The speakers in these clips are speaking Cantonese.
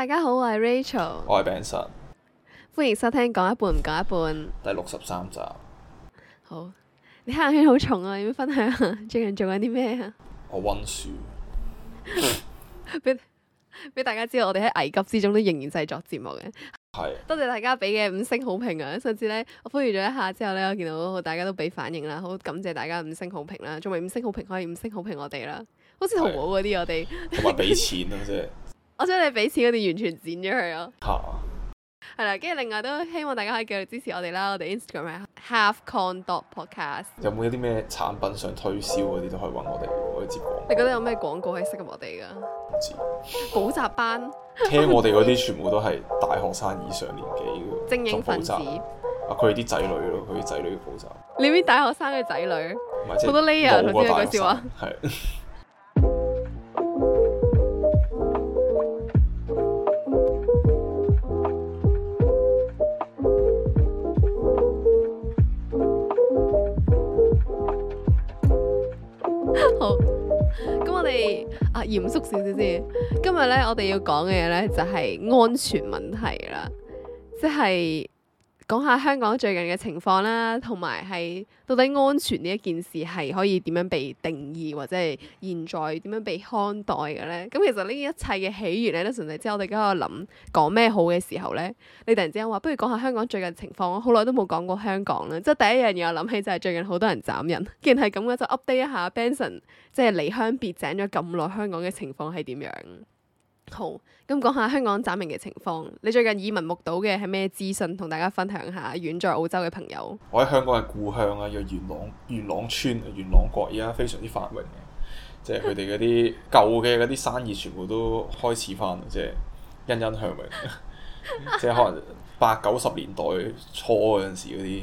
大家好，我係 Rachel，我係 Benson，歡迎收聽講一半唔講一半第六十三集。好，你黑眼圈好重啊，要分享？最近做緊啲咩啊？我溫書，俾俾 大家知道，我哋喺危急之中都仍然製作節目嘅。係是，多謝大家俾嘅五星好評啊！上次咧，我呼籲咗一下之後咧，我見到大家都俾反應啦，好感謝大家五星好評啦、啊！仲未五星好評可以五星好評我哋啦，好似淘寶嗰啲我哋，同埋俾錢啦，真係。我想你俾錢，我哋完全剪咗佢咯。嚇、啊！係啦，跟住另外都希望大家可以繼續支持我哋啦。我哋 Instagram 係 halfkong dot podcast。有冇一啲咩產品上推銷嗰啲都可以揾我哋，可以接廣告。你覺得你有咩廣告係適合我哋㗎？唔知補習班聽我哋嗰啲全部都係大學生以上年紀嘅 精英分子。啊，佢哋啲仔女咯，佢啲仔女嘅補習。你啲大學生嘅仔女，好多 layer 同啲大學生。係。 啊、嚴肅少少先，今日咧我哋要講嘅嘢咧就係、是、安全問題啦，即係。講下香港最近嘅情況啦，同埋係到底安全呢一件事係可以點樣被定義，或者係現在點樣被看待嘅咧？咁其實呢一切嘅起源咧都純粹即係，我哋而家喺度諗講咩好嘅時候咧，你突然之間話不如講下香港最近情況，我好耐都冇講過香港啦。即係第一樣嘢我諗起就係最近好多人斬人，既然係咁嘅，就 update 一下 Benson 即係離鄉別井咗咁耐，香港嘅情況係點樣？好，咁講下香港展明嘅情況。你最近耳聞目睹嘅係咩資訊？同大家分享下，遠在澳洲嘅朋友。我喺香港嘅故鄉啊，叫元朗元朗村元朗國，而家非常之繁榮嘅，即係佢哋嗰啲舊嘅嗰啲生意，全部都開始翻，即係欣欣向榮。即係 可能八九十年代初嗰陣時嗰啲。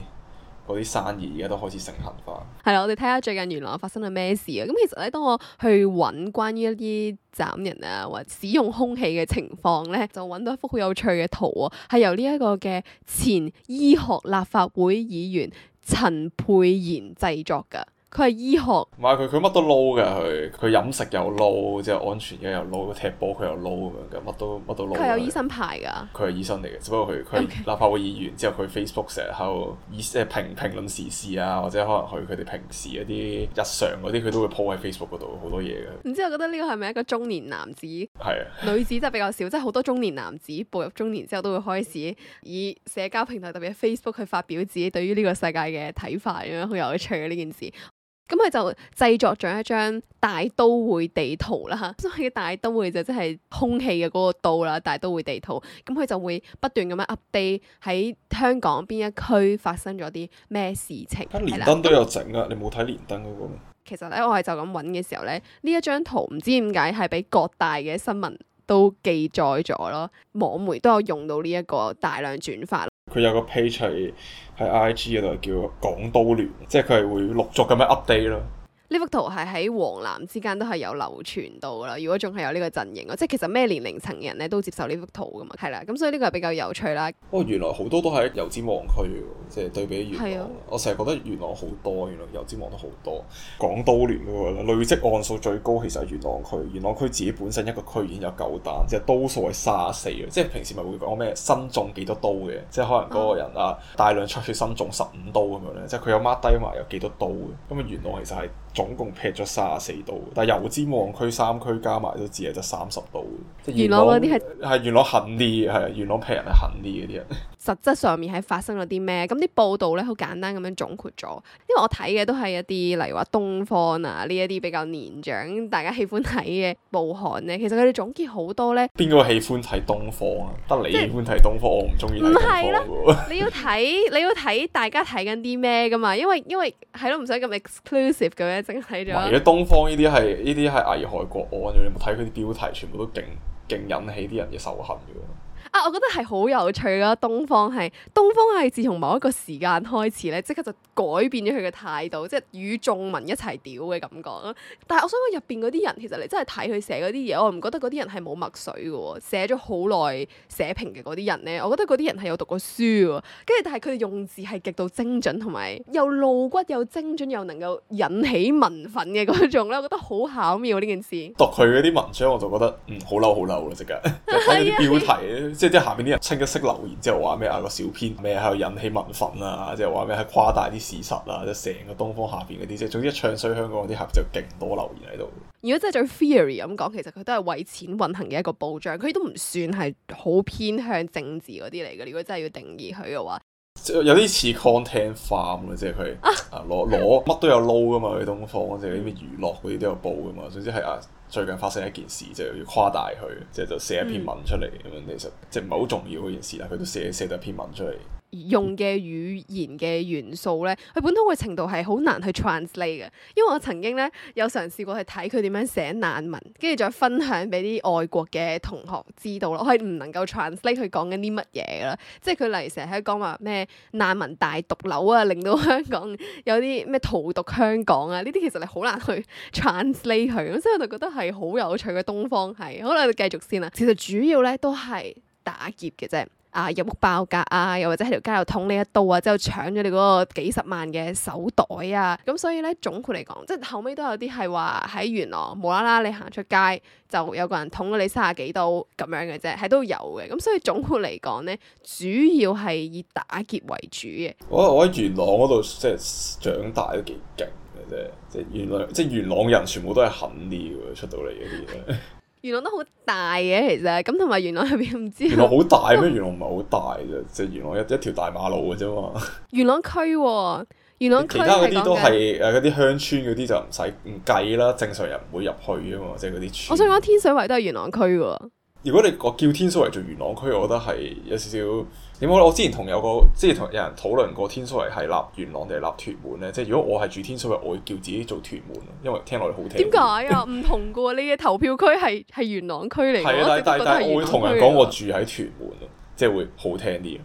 嗰啲生意而家都開始成行化。係啦、嗯，我哋睇下最近原來發生咗咩事啊！咁其實咧，當我去揾關於一啲斬人啊或者使用兇器嘅情況咧，就揾到一幅好有趣嘅圖喎，係由呢一個嘅前醫學立法會議員陳沛然製作嘅。佢係醫學，唔係佢佢乜都撈㗎，佢佢飲食又撈，之後安全嘅又撈，踢波佢又撈咁樣嘅，乜都乜都撈。佢有醫生牌㗎？佢係醫生嚟嘅，只不過佢佢立法會議員之後，佢 Facebook 成日喺度意即係評評論時事啊，或者可能佢佢哋平時一啲日常嗰啲，佢都會 po 喺 Facebook 嗰度好多嘢嘅。唔知我覺得呢個係咪一個中年男子？係啊對，女子真係比較少，即係好多中年男子步入中年之後都會開始以社交平台特別係 Facebook 去發表自己對於呢個世界嘅睇法咁樣，好有趣嘅呢件事。咁佢就製作咗一張大都會地圖啦，所謂嘅大都會就即係空氣嘅嗰個都啦，大都會地圖。咁佢就會不斷咁樣 update 喺香港邊一區發生咗啲咩事情啦。連登都有整啊，你冇睇連登嗰個？其實咧，我係就咁揾嘅時候咧，呢一張圖唔知點解係俾各大嘅新聞都記載咗咯，網媒都有用到呢一個大量轉發。佢有個 page 係喺 IG 嗰度，叫港都聯，即係佢係會陸續咁樣 update 咯。呢幅圖係喺黃藍之間都係有流傳到啦。如果仲係有呢個陣營，即係其實咩年齡層嘅人咧都接受呢幅圖噶嘛。係啦，咁所以呢個係比較有趣啦。不過，原來好多都係油尖旺區，即係對比元朗。啊、我成日覺得元朗好多，原來油尖旺都好多。港刀連都係啦，累積案數最高其實係元朗區。元朗區自己本身一個區已經有九單，即係刀數係卅四嘅。即係平時咪會講咩身中幾多刀嘅，即係可能嗰個人啊大量出血身中十五刀咁樣咧，即係佢有 mark 低埋有幾多刀嘅。咁啊元朗其實係。總共劈咗三十四刀，但係油尖旺區三區加埋都只係得三十刀。即係元朗啲係係元朗狠啲，係元朗劈人係狠啲嘅啲。實質上面係發生咗啲咩？咁啲報道咧，好簡單咁樣總括咗。因為我睇嘅都係一啲，例如話東方啊呢一啲比較年長，大家喜歡睇嘅報刊咧。其實佢哋總結好多咧。邊個喜歡睇東方啊？得、嗯、你喜歡睇東方，即我唔中意。唔係啦。 你，你要睇，你要睇大家睇緊啲咩噶嘛？因為因為係咯，唔使咁 exclusive 咁樣整體咗。唔係，東方呢啲係呢啲係危害國安嘅。你冇睇佢啲標題，全部都勁勁引起啲人嘅仇恨嘅。啊，我覺得係好有趣啦。東方係東方係，自從某一個時間開始咧，即刻就改變咗佢嘅態度，即係與眾民一齊屌嘅感覺咯。但係我想講入邊嗰啲人，其實你真係睇佢寫嗰啲嘢，我唔覺得嗰啲人係冇墨水嘅喎，寫咗好耐寫評嘅嗰啲人咧，我覺得嗰啲人係有讀過書喎。跟住但係佢哋用字係極度精準，同埋又露骨又精準又能夠引起民憤嘅嗰種咧，我覺得好巧妙呢件事。 讀佢嗰啲文章，我就覺得嗯，好嬲好嬲啦！即刻就睇啲標題。 即係啲下邊啲人清一色留言之後話咩啊個小編咩喺度引起民憤啊，即係話咩喺誇大啲事實啊，即係成個東方下邊嗰啲即係總之一唱衰香港啲客就勁多留言喺度。如果真係最 fair 咁講，其實佢都係為錢運行嘅一個報章，佢都唔算係好偏向政治嗰啲嚟嘅。如果真係要定義佢嘅話，有啲似 content farm 即係佢啊攞攞乜都有撈㗎嘛，啲東方即係啲咩娛樂嗰啲都有報㗎嘛，總之係啊。最近發生一件事，就要誇大佢，即係就寫一篇文出嚟咁、嗯、樣。其實即係唔係好重要嗰件事啦，佢都寫寫咗一篇文出嚟。用嘅語言嘅元素咧，佢本土嘅程度係好難去 translate 嘅，因為我曾經咧有嘗試過去睇佢點樣寫難文，跟住再分享俾啲外國嘅同學知道咯。我係唔能夠 translate 佢講緊啲乜嘢㗎啦，即係佢例如成日喺講話咩難民大毒瘤啊，令到香港有啲咩荼毒香港啊，呢啲其實你好難去 translate 佢，咁所以我就覺得係好有趣嘅東方系，好啦，我哋繼續先啦。其實主要咧都係打劫嘅啫。啊入屋爆格啊，又或者喺條街度捅你一刀啊，之後搶咗你嗰個幾十萬嘅手袋啊，咁、嗯、所以咧總括嚟講，即係後尾都有啲係話喺元朗無啦啦你行出街就有個人捅咗你三十幾刀咁樣嘅啫，係都有嘅，咁、嗯、所以總括嚟講咧，主要係以打劫為主嘅。我覺得我喺元朗嗰度即係長大都幾勁嘅啫，即係元朗即係元朗人全部都係狠啲嘅出到嚟嗰啲。 元朗都好大嘅，其實咁，同埋元朗入邊唔知元。元朗好大咩、 哦？元朗唔係好大啫，即係元朗一一條大馬路嘅啫嘛。元朗區，元朗區其他嗰啲都係誒嗰啲鄉村嗰啲就唔使唔計啦，正常人唔會入去啊嘛，即係嗰啲。我想講天水圍都係元朗區噶。如果你我叫天水圍做元朗區，我覺得係有少少。點解？我之前同有個即係同有人討論過天水圍係立元朗定係立屯門咧？即係如果我係住天水圍，我會叫自己做屯門，因為聽落嚟好聽。點解啊？唔同噶，你嘅投票區係係元朗區嚟嘅。係啊，但但但，我會同人講 我住喺屯門，即係會好聽啲。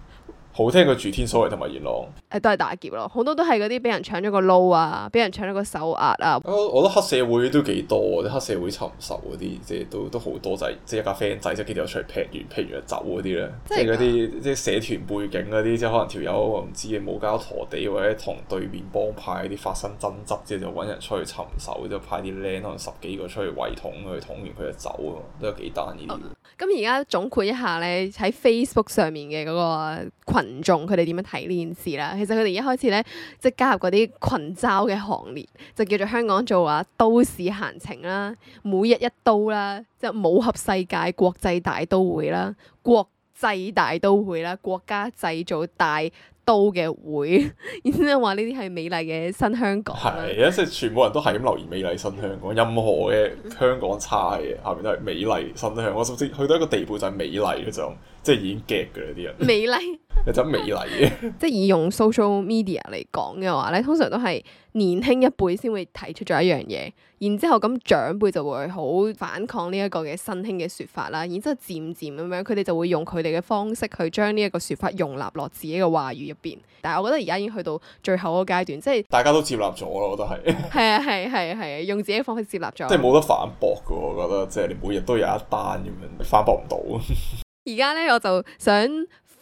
好聽過住天鎖嘅同埋元朗，誒都係打劫咯，好多都係嗰啲俾人搶咗個撈啊，俾人搶咗個手壓啊。我覺得黑社會都幾多，啲黑社會尋仇嗰啲，即係都都好多就係、仔，即係一架 friend 仔，即係佢哋又出嚟劈完劈完就走嗰啲咧，即係嗰啲即係社團背景嗰啲，即係可能條友唔知冇交陀地，或者同對面幫派啲發生爭執之後就揾人出去尋仇，就派啲僆可能十幾個出去圍桶佢，捅完佢就走啊，都有幾單呢啲。嗯。咁而家總括一下咧，喺 Facebook 上面嘅嗰個群眾，佢哋點樣睇呢件事啦？其實佢哋一開始咧，即係加入嗰啲群嘲嘅行列，就叫做香港做話、啊、都市閒情啦，每日一刀啦，即係武俠世界國際大都會啦，國製大都會啦，國家製造大都嘅會，然之後話呢啲係美麗嘅新香港。係， 即係全部人都係咁留言美麗新香港，任何嘅香港差嘅下面都係美麗新香港，甚至去到一個地步就係美麗嗰種。即係已經夾嘅啦啲人，美麗有啲美麗嘅。 即係以用 social media 嚟講嘅話咧，通常都係年輕一輩先會提出咗一樣嘢，然之後咁長輩就會好反抗呢一個嘅新興嘅說法啦。然之後漸漸咁樣，佢哋就會用佢哋嘅方式去將呢一個說法容納落自己嘅話語入邊。但係我覺得而家已經去到最後嗰個階段，即係大家都接納咗咯，都係係啊係係係啊，用自己嘅方式接納咗。即係冇得反駁㗎喎，我覺得即係你每日都有一單咁樣，反駁唔到。 而家咧，我就想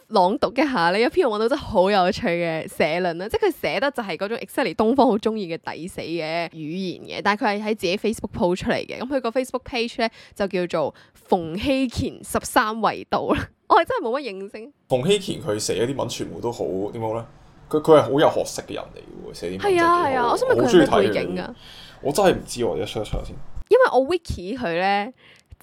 朗讀一下呢一篇我睇到真係好有趣嘅社論啦，即係佢寫得就係嗰種 exactly 東方好中意嘅抵死嘅語言嘅，但係佢係喺自己 Facebook 鋪出嚟嘅。咁佢個 Facebook page 咧就叫做馮睎乾十三維度啦。我係真係冇乜影星。馮睎乾佢寫啲文全部都好點樣咧？佢佢係好有學識嘅人嚟嘅，寫啲係啊係啊。我想問佢中意景嘅，我真係唔知我一 search 一 search 先，因為我 Wiki 佢咧。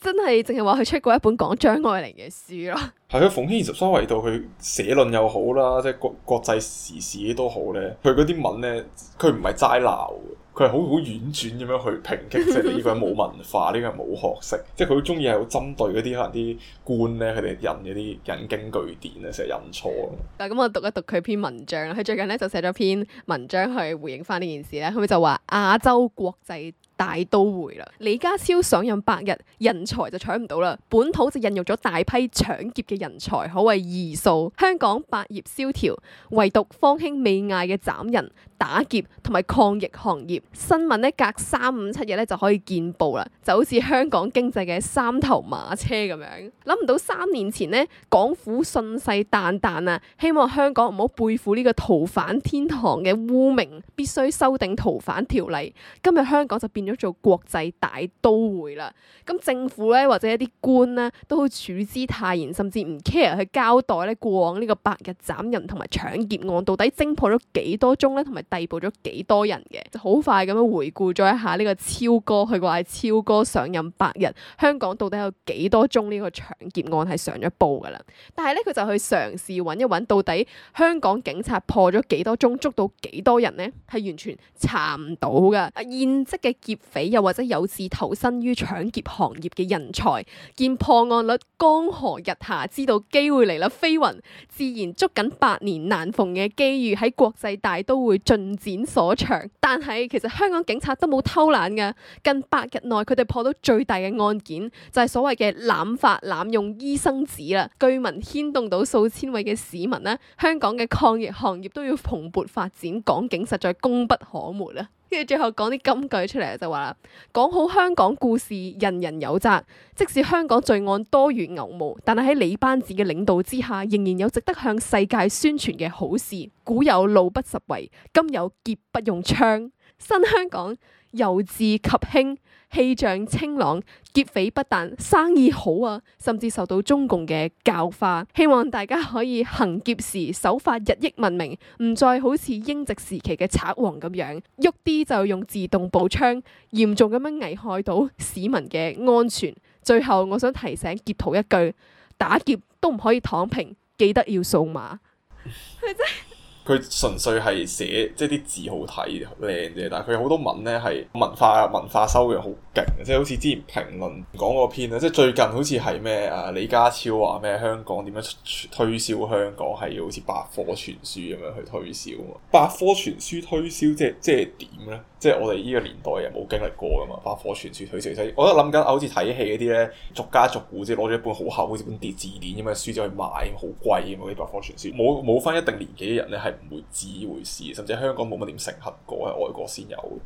真係淨係話佢出過一本講張愛玲嘅書咯，係啊，馮睎乾十三維度，佢寫論又好啦，即係國國際時事都好咧。佢嗰啲文咧，佢唔係齋鬧，佢係好好婉轉咁樣去抨擊，即係呢個係冇文化，呢個係冇學識，即係佢好中意係好針對嗰啲可能啲官咧，佢哋引嗰啲引經據典咧，成日引錯。嗱咁 我讀一讀佢篇文章，佢最近咧就寫咗篇文章去回應翻呢件事咧，佢咪就話亞洲國際。大都會啦，李家超上任百日，人才就搶唔到啦，本土就孕育咗大批搶劫嘅人才，可謂異數。香港百業蕭條，唯獨方興未艾嘅斬人、打劫同埋抗疫行業新聞咧，隔三五七日咧就可以見報啦，就好似香港經濟嘅三頭馬車咁樣。諗唔到三年前咧，港府信誓旦旦啊，希望香港唔好背負呢個逃犯天堂嘅污名，必須修訂逃犯條例。今日香港就變咗做國際大都會啦。咁政府咧或者一啲官咧，都好處之泰然，甚至唔 care 去交代咧過往呢個白日斬人同埋搶劫案到底偵破咗幾多宗咧，同埋，逮捕咗幾多人嘅，就好快咁樣回顧咗一下呢個超哥，佢話係超哥上任百日，香港到底有幾多宗呢個搶劫案係上咗報噶啦。但係咧，佢就去嘗試揾一揾，到底香港警察破咗幾多宗，捉到幾多人咧？係完全查唔到噶。啊，現職嘅劫匪又或者有志投身於搶劫行業嘅人才，見破案率江河日下，知道機會嚟啦，飛雲自然捉緊百年難逢嘅機遇喺國際大都會進盡展所長，但係其實香港警察都冇偷懶噶。近百日內，佢哋破到最大嘅案件就係、是、所謂嘅濫發濫用醫生紙啦。據聞牽動到數千位嘅市民啦。香港嘅抗疫行業都要蓬勃發展，港警實在功不可沒啦。跟住最後講啲金句出嚟就話啦，講好香港故事，人人有責。即使香港罪案多如牛毛，但係喺李班子嘅領導之下，仍然有值得向世界宣傳嘅好事。古有路不拾遺，今有劫不用槍。新香港。由治及興，氣象清朗，劫匪不但生意好啊，甚至受到中共嘅教化。希望大家可以行劫時手法日益文明，唔再好似英殖時期嘅賊王咁樣，喐啲就用自動步槍，嚴重咁樣危害到市民嘅安全。最後，我想提醒劫徒一句：打劫都唔可以躺平，記得要掃碼。 佢純粹係寫即係啲字好睇靚啫，但係佢好多文咧，係文化文化修養好勁，即係好似之前評論講嗰篇啦，即係最近好似係咩啊李家超話咩香港點樣推銷香港係要好似百科全書咁樣去推銷啊嘛？百科全書推銷，即係即係點咧？即係我哋呢個年代人冇經歷過噶嘛，百科全書睇住睇，我覺得諗緊好似睇戲嗰啲咧，逐家逐戶即係攞咗一本好厚好似本字典咁嘅書走去買，好貴咁嘛。啲百科全書，冇冇翻一定年紀嘅人咧係唔會知呢回事，甚至香港冇乜點承襲過，喺外國先有。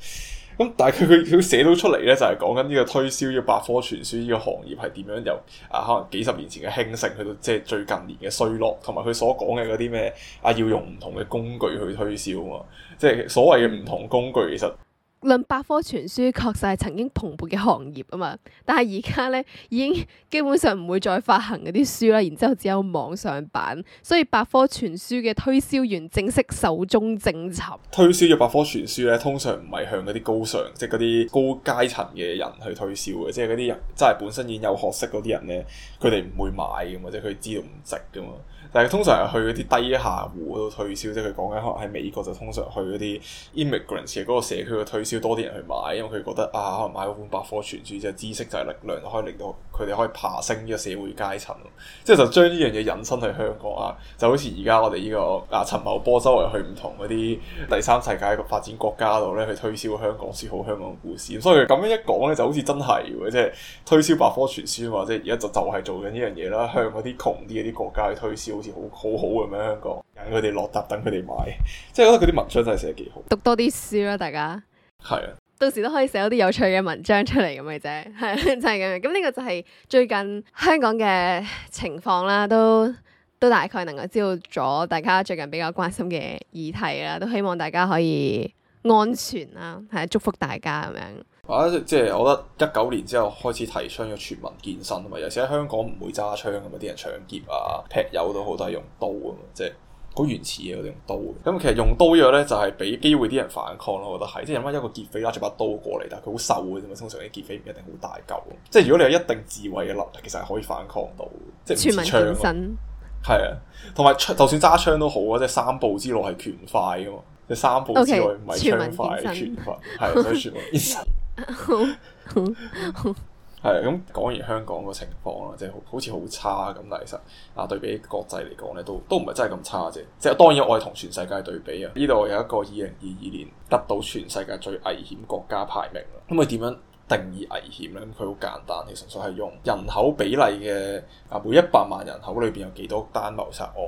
咁但係佢佢佢寫到出嚟咧，就係講緊呢個推銷，呢個百科全書呢個行業係點樣由啊可能幾十年前嘅興盛，去到即係最近年嘅衰落，同埋佢所講嘅嗰啲咩啊，要用唔同嘅工具去推銷啊嘛，即係所謂嘅唔同工具，其實。論百科全書確實係曾經蓬勃嘅行業啊嘛，但係而家咧已經基本上唔會再發行嗰啲書啦，然之後只有網上版，所以百科全書嘅推銷員正式壽終正寢。推銷嘅百科全書咧，通常唔係向嗰啲高尚即係嗰啲高階層嘅人去推銷嘅，即係嗰啲人真係本身已經有學識嗰啲人咧，佢哋唔會買噶嘛，即係佢知道唔值噶嘛。但係通常係去嗰啲低下戶度推銷，即係佢講緊可能喺美國就通常去嗰啲 immigrants 嘅嗰個社區度推銷多啲人去買，因為佢覺得啊，可能買嗰本百科全書即係知識就係力量，可以令到，佢哋可以爬升呢個社會階層，即係就將呢樣嘢引申去香港啊！就好似而家我哋呢個啊陳茂波周圍去唔同嗰啲第三世界嘅發展國家度咧去推銷香港先好香港故事。所以佢咁樣一講咧，就好似真係即係推銷百科全書啊嘛！即係而家就就係做緊呢樣嘢啦，向嗰啲窮啲嘅啲國家去推銷，好似好好好咁樣，引佢哋落搭等佢哋買。即係覺得佢啲文章真係寫得幾好，讀多啲書啦、啊，大家係啊。到時都可以寫啲有趣嘅文章出嚟咁嘅啫，係就係咁樣。咁呢個就係最近香港嘅情況啦，都都大概能夠知道咗大家最近比較關心嘅議題啦，都希望大家可以安全啦、啊，係祝福大家咁樣。啊，即係我覺得一九年之後開始提倡咗全民健身啊嘛，尤其喺香港唔會揸槍啊嘛，啲人搶劫啊、劈友都好，都係用刀啊嘛，即係。好原始嘅，用刀。咁其實用刀嘅呢就係俾機會啲人反抗咯。我覺得係，即係如果一個劫匪，拉住把刀過嚟，但係佢好瘦嘅啫嘛。通常啲劫匪唔一定好大嚿，即係如果你有一定智慧嘅能力，其實係可以反抗到。即係唔似槍。係啊，同埋槍就算揸槍都好啊，即係三步之內係拳快噶嘛。即三步之內唔係槍快，係 Okay, 拳快，係所以全民健係咁講完香港個情況啦，即係好似好差咁，但係其實啊對比國際嚟講咧，都都唔係真係咁差啫。即係當然我係同全世界對比啊！呢度有一個二零二二年得到全世界最危險國家排名啦。咁佢點樣定義危險咧？咁佢好簡單，其實就係用人口比例嘅啊每一百萬人口裏邊有幾多單謀殺案，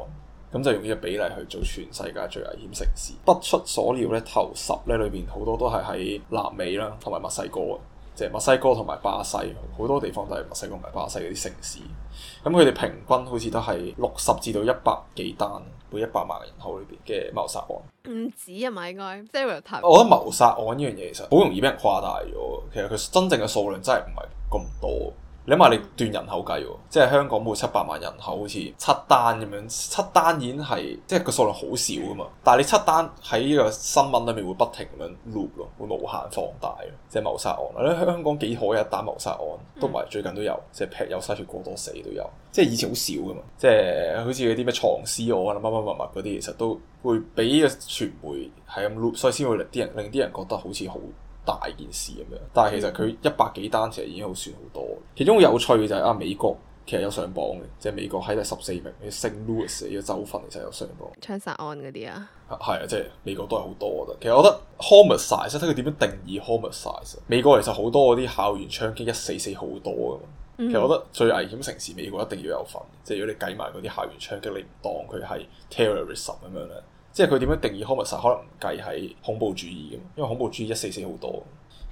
咁就用呢個比例去做全世界最危險城市。不出所料咧，頭十咧裏邊好多都係喺南美啦，同埋墨西哥啊。即係墨西哥同埋巴西，好多地方都係墨西哥同埋巴西嗰啲城市。咁佢哋平均好似都係六十至到一百幾單，每一百萬人口裏邊嘅謀殺案。唔止啊，咪應該。即係我覺得謀殺案呢樣嘢其實好容易俾人誇大咗。其實佢真正嘅數量真係唔係咁多。你諗下，你斷人口計喎，即係香港冇七百萬人口，好似七單咁樣，七單已經係即係個數量好少噶嘛。但係你七單喺呢個新聞裏面會不停咁樣 loop 咯，會無限放大即係謀殺案。喺香港幾可嘅，一單謀殺案，都唔係最近都有，即係劈友嘥血過多死都有。即係以前好少噶嘛，即係好似嗰啲咩藏屍案啦、乜乜物物嗰啲，其實都會俾個傳媒係咁 loop，所以先會令啲人令啲人覺得好似好。大件事咁樣，但係其實佢一百幾單其實已經好算好多。其中有趣嘅就係啊，美國其實有上榜嘅，即係美國喺第十四名嘅聖路易嘅州份其實有上榜。槍殺案嗰啲啊，係啊，即係美國都係好多嘅。其實我覺得 homicide，即係睇佢點樣定義 homicide。美國其實好多嗰啲校園槍擊一死死好多嘅。其實我覺得最危險城市美國一定要有份，即係如果你計埋嗰啲校園槍擊，你唔當佢係 terrorism 咁樣咧。即係佢點樣定義兇殺？可能唔計喺恐怖主義咁，因為恐怖主義一四四好多。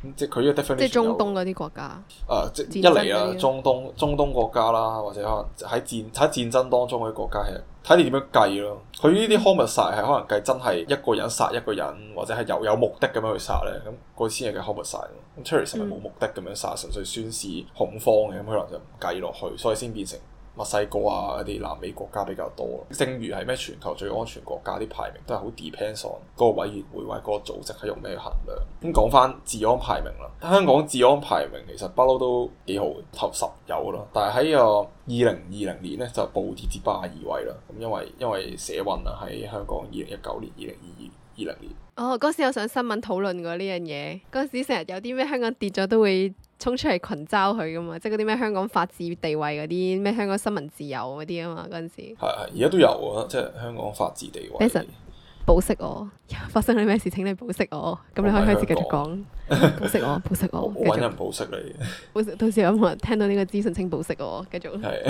咁即係佢呢個 definition 即係中東嗰啲國家。誒、呃，即一嚟啦，中東中東國家啦，或者可能喺戰喺戰爭當中嗰啲國家，其實睇你點樣計咯。佢呢啲 homicide 兇殺係可能計真係一個人殺一個人，或者係有有目的咁樣去殺咧。咁嗰啲先係 homicide 兇殺。咁 Terry 成日冇目的咁樣殺，嗯、純粹宣示恐慌嘅咁？可能就唔計落去，所以先變成。墨西哥啊，啲南美國家比較多。正如係咩全球最安全國家啲排名，都係好 depends on 嗰個委員會或者嗰個組織喺用咩衡量。咁講翻治安排名啦，香港治安排名其實不嬲都幾好，頭十有咯。但係喺個二零二零年呢，就暴跌至八廿二位啦。咁、嗯、因為因為社運啊喺香港二零一九年、二零二二二零年。哦，嗰時有上新聞討論過呢樣嘢，嗰時成日有啲咩香港跌咗都會衝出嚟群嘲佢噶嘛，即係嗰啲咩香港法治地位嗰啲咩香港新聞自由嗰啲啊嘛，嗰陣時係係而家都有啊，即係香港法治地位。Bason, 保釋我。發生咗咩事，請你保釋我，咁你可以開始繼續講。保釋 我，保釋我，搵人保釋你。 到時有冇人啊？聽到呢個資訊清保釋我，繼續。係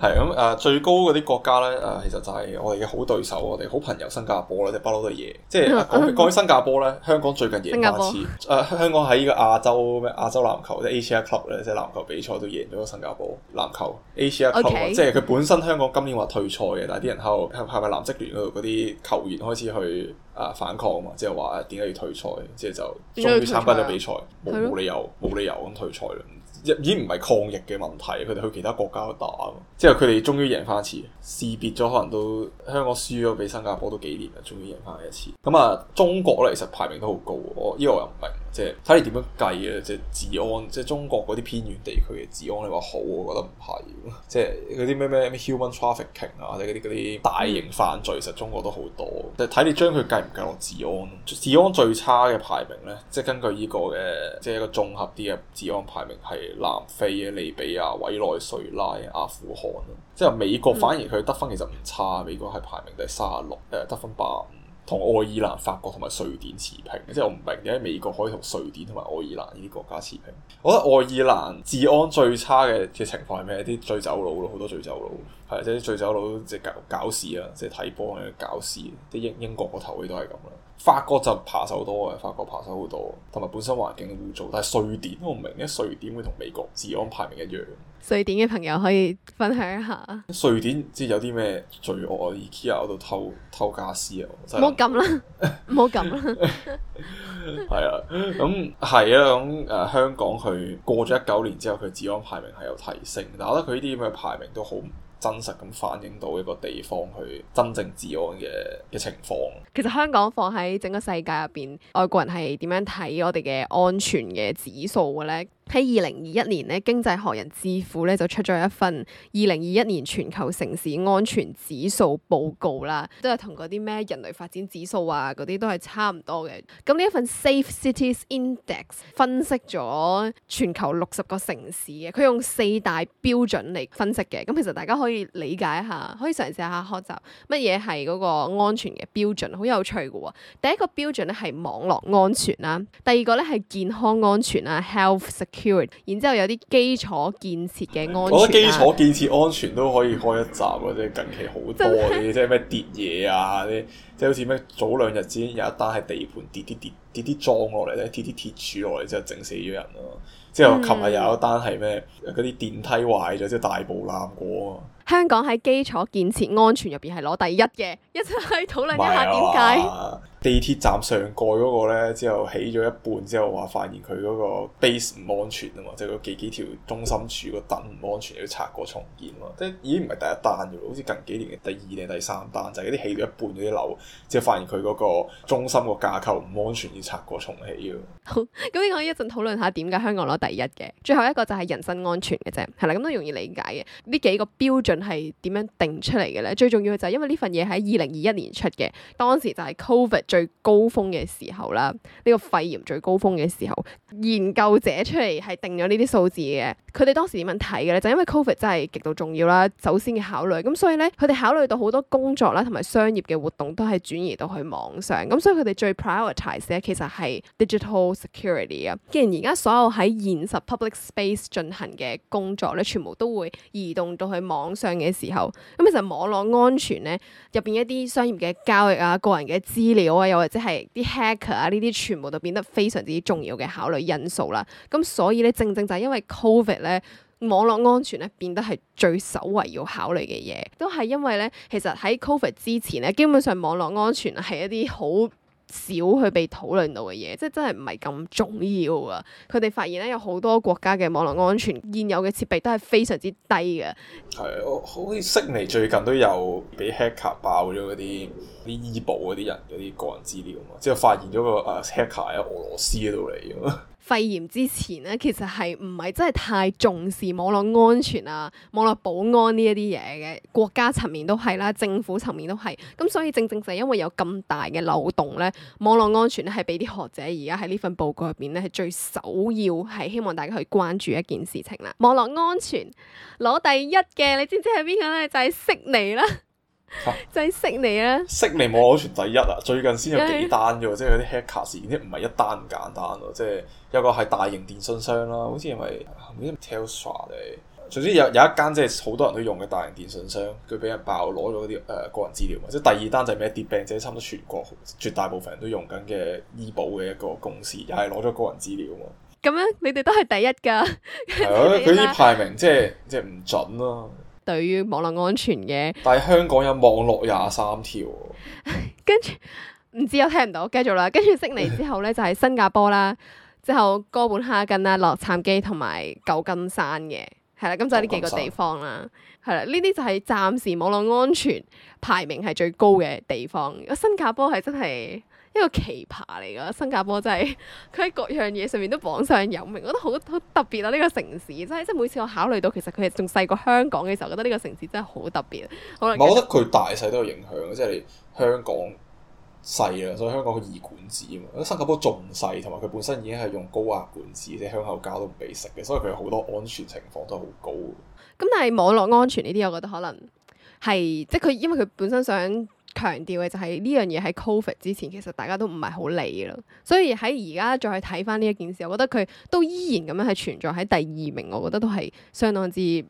係咁，誒，最高嗰啲國家咧，誒、啊，其實就係我哋嘅好對手，我哋好朋友新加坡啦，即係不嬲都係贏。即係講講起新加坡咧，香港最近贏一次。誒、啊，香港喺個亞洲咩？亞洲籃球即係 Asia Cup 咧，即係籃球比賽都贏咗新加坡籃球。c OK。即係佢本身香港今年話退賽嘅，但係啲人喺度，係咪籃色聯嗰度啲球員開始去？啊！反抗嘛，即係話點解要退賽？即係就終於參加咗比賽，冇理由冇理由咁退賽咯。已經唔係抗疫嘅問題，佢哋去其他國家打。即係佢哋終於贏翻一次，事別咗可能都香港輸咗俾新加坡都幾年啦，終於贏翻一次。咁啊，中國咧其實排名都好高，我呢、呢個我又唔明。即係睇你點樣計啊！即係治安，即係中國嗰啲偏遠地區嘅治安，你話好，我覺得唔係。即係嗰啲咩咩咩 human trafficking 啊，或者嗰啲啲大型犯罪，其實中國都好多。即係睇你將佢計唔計落治安。治安最差嘅排名咧，即係根據呢個嘅，即係一個綜合啲嘅治安排名係南非啊、利比亞、委內瑞拉、阿富汗。即係美國反而佢得分其實唔差，美國係排名第卅六，誒得分八五同愛爾蘭、法國同埋瑞典持平，即係我唔明點解美國可以同瑞典同埋愛爾蘭呢啲國家持平。我覺得愛爾蘭治安最差嘅嘅情況係咩？啲醉酒佬咯，好多醉酒佬，係即啲醉酒佬即係搞搞事啊，即係睇波喺度搞事。啲英英國個頭嗰啲都係咁啦。法國就扒手多嘅，法國扒手好多，同埋本身環境污糟。但係瑞典我唔明點解瑞典會同美國治安排名一樣。瑞典嘅朋友可以分享一下。瑞典即有啲咩罪惡啊？IKEA 度偷偷家私？啊！冇咁啦，冇咁啦。係啊， 咁係啊。咁誒、呃，香港佢過咗一九年之後，佢治安排名係有提升。但我覺得佢呢啲咁嘅排名都好真實咁反映到一個地方佢真正治安嘅嘅情況。其實香港放喺整個世界入邊，外國人係點樣睇我哋嘅安全嘅指數嘅咧？喺二零二一年咧，《經濟學人》智庫咧就出咗一份《二零二一年全球城市安全指數報告》啦，都係同嗰啲咩人類發展指數啊嗰啲都係差唔多嘅。咁呢一份《Safe Cities Index》分析咗全球六十個城市嘅，佢用四大標準嚟分析嘅。咁其實大家可以理解下，可以嘗試下學習乜嘢係嗰個安全嘅標準，好有趣嘅喎。第一個標準咧係網絡安全啦，第二個咧係健康安全啦，health。然之後有啲基礎建設嘅安全，我覺得基礎建設安全都可以開一集啊！即係近期好多啲，即係咩跌嘢啊啲，即係好似咩早兩日之前有一單係地盤跌啲跌跌啲樁落嚟咧，跌啲鐵柱落嚟之後整死咗人咯。之後琴日有一單係咩嗰啲電梯壞咗，即係大步檻過啊！香港喺基礎建設安全入邊係攞第一嘅，一陣可以討論一下點解，啊。地鐵站上蓋嗰個咧，之後起咗一半之後話發現佢嗰個 base 唔安全啊嘛，即係個幾幾條中心柱個墩唔安全要拆過重建咯。即係已經唔係第一單嘅咯，好似近幾年嘅第二定第三單，就係啲起咗一半嗰啲樓，之後發現佢嗰個中心個架構唔安全要拆過重起咯。好，咁我哋一陣討論下點解香港攞第一嘅。最後一個就係人身安全嘅啫，係啦，咁都容易理解嘅。呢幾個標準。係點樣定出嚟嘅咧？最重要嘅就係因為呢份嘢喺二零二一年出嘅，當時就係 COVID 最高峰嘅時候啦，呢個肺炎最高峰嘅時候，研究者出嚟係定咗呢啲數字嘅。佢哋當時點樣睇嘅咧？就是、因為 COVID 真係極度重要啦，首先嘅考慮，咁所以咧，佢哋考慮到好多工作啦，同埋商業嘅活動都係轉移到去網上。咁所以佢哋最 prioritize 咧，其實係 digital security 啊。既然而家所有喺現實 public space 進行嘅工作咧，全部都會移動到去網上。上嘅時候，咁其實網絡安全咧入邊一啲商業嘅交易啊、個人嘅資料啊，又或者係啲 hacker 啊呢啲，全部都變得非常之重要嘅考慮因素啦。咁所以咧，正正就係因為 Covid 咧，網絡安全咧變得係最首位要考慮嘅嘢，都係因為咧，其實喺 Covid 之前咧，基本上網絡安全係一啲好少去被討論到嘅嘢，即係真係唔係咁重要啊！佢哋發現咧，有好多國家嘅網絡安全現有嘅設備都係非常之低嘅。係，啊，好似悉尼最近都有俾 Hacker 爆咗嗰啲啲醫保嗰啲人嗰啲個人資料嘛，之後發現咗個啊 Hacker 喺俄羅斯嗰度嚟。 肺炎之前咧，其實係唔係真係太重視網絡安全啊、網絡保安呢一啲嘢嘅，國家層面都係啦，政府層面都係。咁所以正正就係因為有咁大嘅漏洞咧，網絡安全咧係俾啲學者而家喺呢份報告入邊咧係最首要係希望大家去關注一件事情啦。網絡安全攞第一嘅，你知唔知係邊個咧？就係、是、悉尼啦。 啊、就係悉尼啊！悉尼冇攞全第一啊！最近先有幾單啫 的、er 啊，即係嗰啲 hackers，而啲唔係一單咁簡單咯，即係一個係大型電信商啦、啊，好似係咪？唔、啊、知 Telstra 嚟，總之有有一間即係好多人都用嘅大型電信商，佢俾人爆攞咗啲誒個人資料，即係第二單就係咩？Medibank，差唔多全國絕大部分人都用緊嘅醫保嘅一個公司，又係攞咗個人資料、嗯就是就是、啊！咁樣你哋都係第一噶，係咯？佢啲排名即係即係唔準咯。對於網絡安全嘅，但係香港有網絡廿三條， 跟住唔知我聽唔到，繼續啦。跟住悉尼之後咧， 就係新加坡啦，之後哥本哈根啦、洛杉磯同埋舊金山嘅，係啦，咁就係呢幾個地方啦，係啦，呢啲就係暫時網絡安全排名係最高嘅地方。新加坡係真係。一個奇葩嚟㗎，新加坡真係佢喺各樣嘢上面都榜上有名，覺得好好特別啊！呢個城市真係即係每次我考慮到其實佢係仲細過香港嘅時候，覺得呢個城市真係好特別。我覺得佢大細都有影響，即係香港細啊，所以香港佢易管治啊嘛，新加坡仲細，同埋佢本身已經係用高壓管治，即係香口膠都唔俾食嘅，所以佢有好多安全情況都好高。咁但係網絡安全呢啲，我覺得可能係即係佢因為佢本身想。強調嘅就係呢樣嘢喺 COVID 之前其實大家都唔係好理啦，所以喺而家再去睇返呢一件事，我覺得佢都依然咁樣係存在喺第二名，我覺得都係相當之。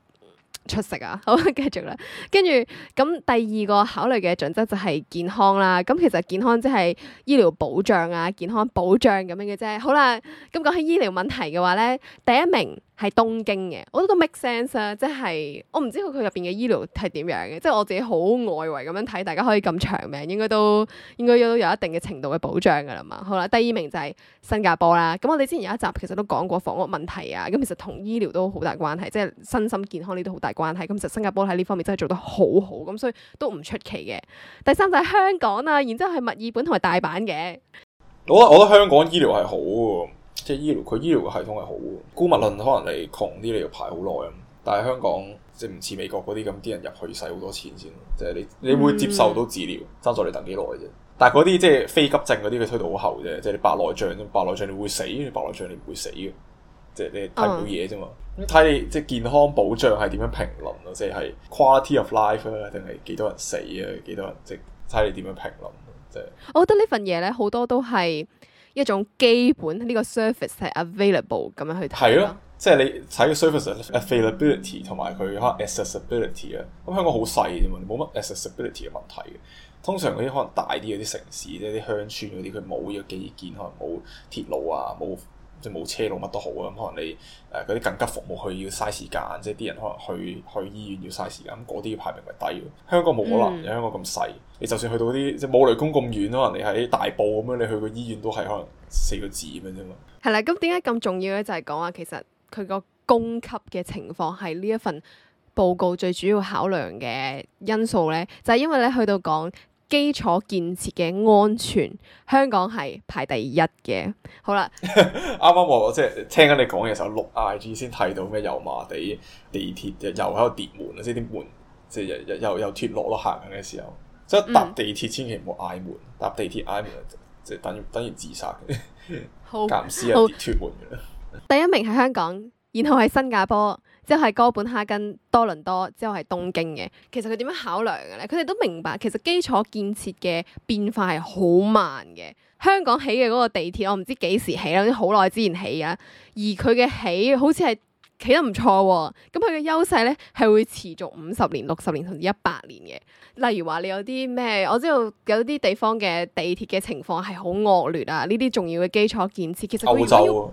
出色啊！好啊，繼續啦。跟住咁，第二個考慮嘅準則就係健康啦。咁其實健康即係醫療保障啊、健康保障咁樣嘅啫。好啦，咁講起醫療問題嘅話咧，第一名係東京嘅，我覺得都 make sense 啊。即係我唔知佢佢入邊嘅醫療係點樣嘅，即係我自己好外圍咁樣睇，大家可以咁長命，應該都應該都有一定嘅程度嘅保障噶啦嘛。好啦，第二名就係新加坡啦。咁我哋之前有一集其實都講過房屋問題啊，咁其實同醫療都好大關係，即係身心健康呢都好大關係，咁就新加坡喺呢方面真係做得好好咁，所以都唔出奇嘅。第三就係香港啦，然之後係墨爾本同埋大阪嘅。我我覺得香港醫療係好，即係醫療佢醫療嘅系統係好。姑勿論可能你窮啲，你要排好耐啊。但係香港即係唔似美國嗰啲咁，啲人入去使好多錢先，即係你你會接受到治療，爭在你等幾耐啫。但係嗰啲即係非急症嗰啲，佢推到好後啫。即係你白內障，白內障你會死，白內障你唔會死嘅。即係你睇唔到嘢啫嘛，咁睇你即係健康保障係點樣評論咯，即係 quality of life 啊，定係幾多人死啊，幾多人即係睇你點樣評論即係。我覺得呢份嘢咧，好多都係一種基本呢個 service 係 available 咁樣去睇咯、啊。即係你睇個 service availability 同埋佢可能 accessibility 啊。咁香港好細嘅嘛，冇乜 accessibility 嘅問題嘅。通常嗰啲可能大啲嘅啲城市，即係啲鄉村嗰啲，佢冇呢個基建，可能冇鐵路啊，冇。即冇車路乜都好啊，咁可能你誒嗰啲緊急服務去要嘥時間，即啲人可能去去醫院要嘥時間，咁嗰啲排名咪低咯。香港冇可能，因、嗯、香港咁細，你就算去到啲即冇雷公咁遠咯，可能你喺大埔咁樣，你去個醫院都係可能四個字咁樣啫嘛。係啦、嗯，咁點解咁重要咧？就係、是、講話其實佢個供給嘅情況係呢一份報告最主要考量嘅因素咧，就係、是、因為咧去到講。基礎建設嘅安全，香港係排第一嘅。好啦，啱啱 我即係、就是、聽緊你講嘅時候，碌 I G 先睇到咩油麻地地鐵又喺度跌門啊！即係啲門即係又又脫落咯，行緊嘅時候，即係搭地鐵、嗯、千祈唔好挨門，搭地鐵挨門就即係等於等於自殺，間唔時又跌脫門嘅啦。第一名係香港，然後喺新加坡。之後係哥本哈根、多倫多，之後係東京嘅。其實佢點樣考量嘅咧？佢哋都明白，其實基礎建設嘅變化係好慢嘅。香港起嘅嗰個地鐵，我唔知幾時起啦，已經好耐之前起㗎啦。而佢嘅起好似係。企得唔錯喎、啊，咁佢嘅優勢咧係會持續五十年、六十年甚至一百年嘅。例如話你有啲咩，我知道有啲地方嘅地鐵嘅情況係好惡劣啊，呢啲重要嘅基礎建設其實要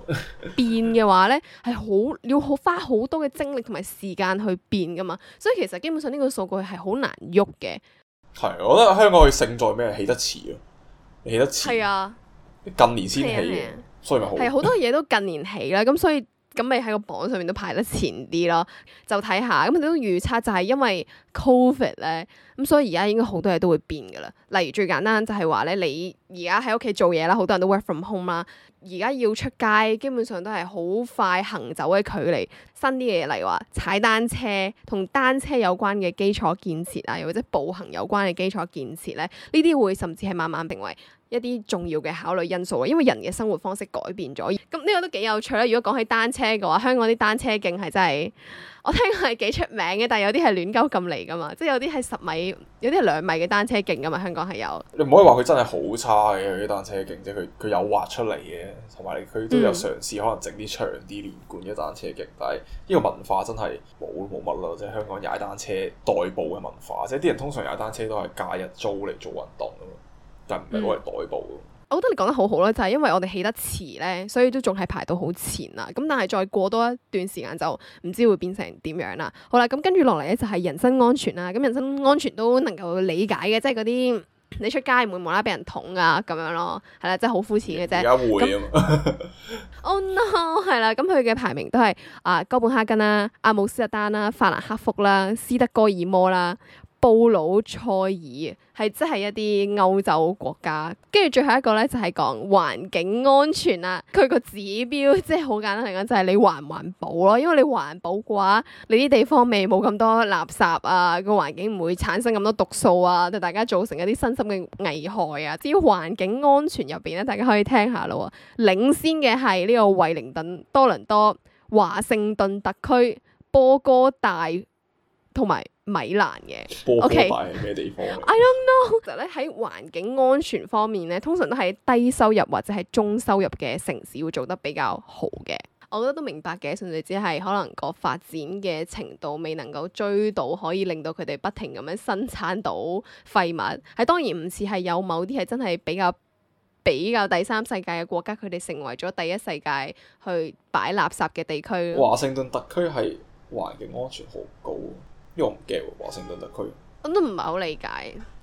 變嘅話咧係好要好花好多嘅精力同埋時間去變㗎嘛，所以其實基本上呢個數據係好難喐嘅。係，我覺得香港嘅勝在咩？起得遲咯，起得遲。係啊的，近年先起嘅，的所以咪好。係好多嘢都近年起啦，咁所以。咁你喺個榜上面都排得前啲咯，就睇下。咁你都預測就係因為 Covid 咧，咁所以而家應該好多嘢都會變噶啦。例如最簡單就係話咧，你而家喺屋企做嘢啦，好多人都 work from home 啦。而家要出街，基本上都係好快行走嘅距離。新啲嘅嘢，例如話踩單車同單車有關嘅基礎建設啊，又或者步行有關嘅基礎建設咧，呢啲會甚至係慢慢成為一啲重要嘅考慮因素啊，因為人嘅生活方式改變咗，咁呢、這個都幾有趣啦。如果講起單車嘅話，香港啲單車徑係真係我聽講係幾出名嘅，但係有啲係亂鳩咁嚟噶嘛，即係有啲係十米，有啲係兩米嘅單車徑噶嘛。香港係有，你唔可以話佢真係好差嘅，有啲單車徑，即係佢佢有畫出嚟嘅，同埋佢都有嘗試可能整啲長啲連貫嘅單車徑，嗯、但係呢個文化真係冇冇乜啦，即係香港踩單車代步嘅文化，即係啲人通常踩單車都係假日租嚟做運動。就唔係為逮捕。我覺得你講得好好啦，就係、是、因為我哋起得遲咧，所以都仲係排到好前啦。咁但係再過多一段時間就唔知會變成點樣啦。好啦，咁跟住落嚟咧就係人身安全啦。咁人身安全都能夠理解嘅，即係嗰啲你出街唔會無啦啦被人捅啊咁樣咯。係啦，即係好膚淺嘅啫。而家會啊哦那、 oh、no！係啦，咁佢嘅排名都係啊哥本哈根啦、阿姆斯特丹啦、法蘭克福啦、斯德哥爾摩啦。布魯塞爾係即係一啲歐洲國家，跟住最後一個咧就係講環境安全啊。佢個指標即係好簡單嚟講，就係你環唔環保咯。因為你環保嘅話，你啲地方咪冇咁多垃圾啊，個環境唔會產生咁多毒素啊，對大家造成一啲身心嘅危害啊。至於環境安全入邊咧，大家可以聽下嘞喎。領先嘅係呢個惠靈頓、多倫多、華盛頓特區、波哥大。同埋米蘭嘅 OK，係咩地方 okay？I don't know。就咧喺環境安全方面咧，通常都係低收入或者係中收入嘅城市會做得比較好嘅。我覺得都明白嘅，純粹只係可能個發展嘅程度未能夠追到，可以令到佢哋不停咁樣生產到廢物。係當然唔似係有某啲係真係比較比較第三世界嘅國家，佢哋成為咗第一世界去擺垃圾嘅地區。華盛頓特區係環境安全好高。用嘅華盛頓特區，我都唔係好理解。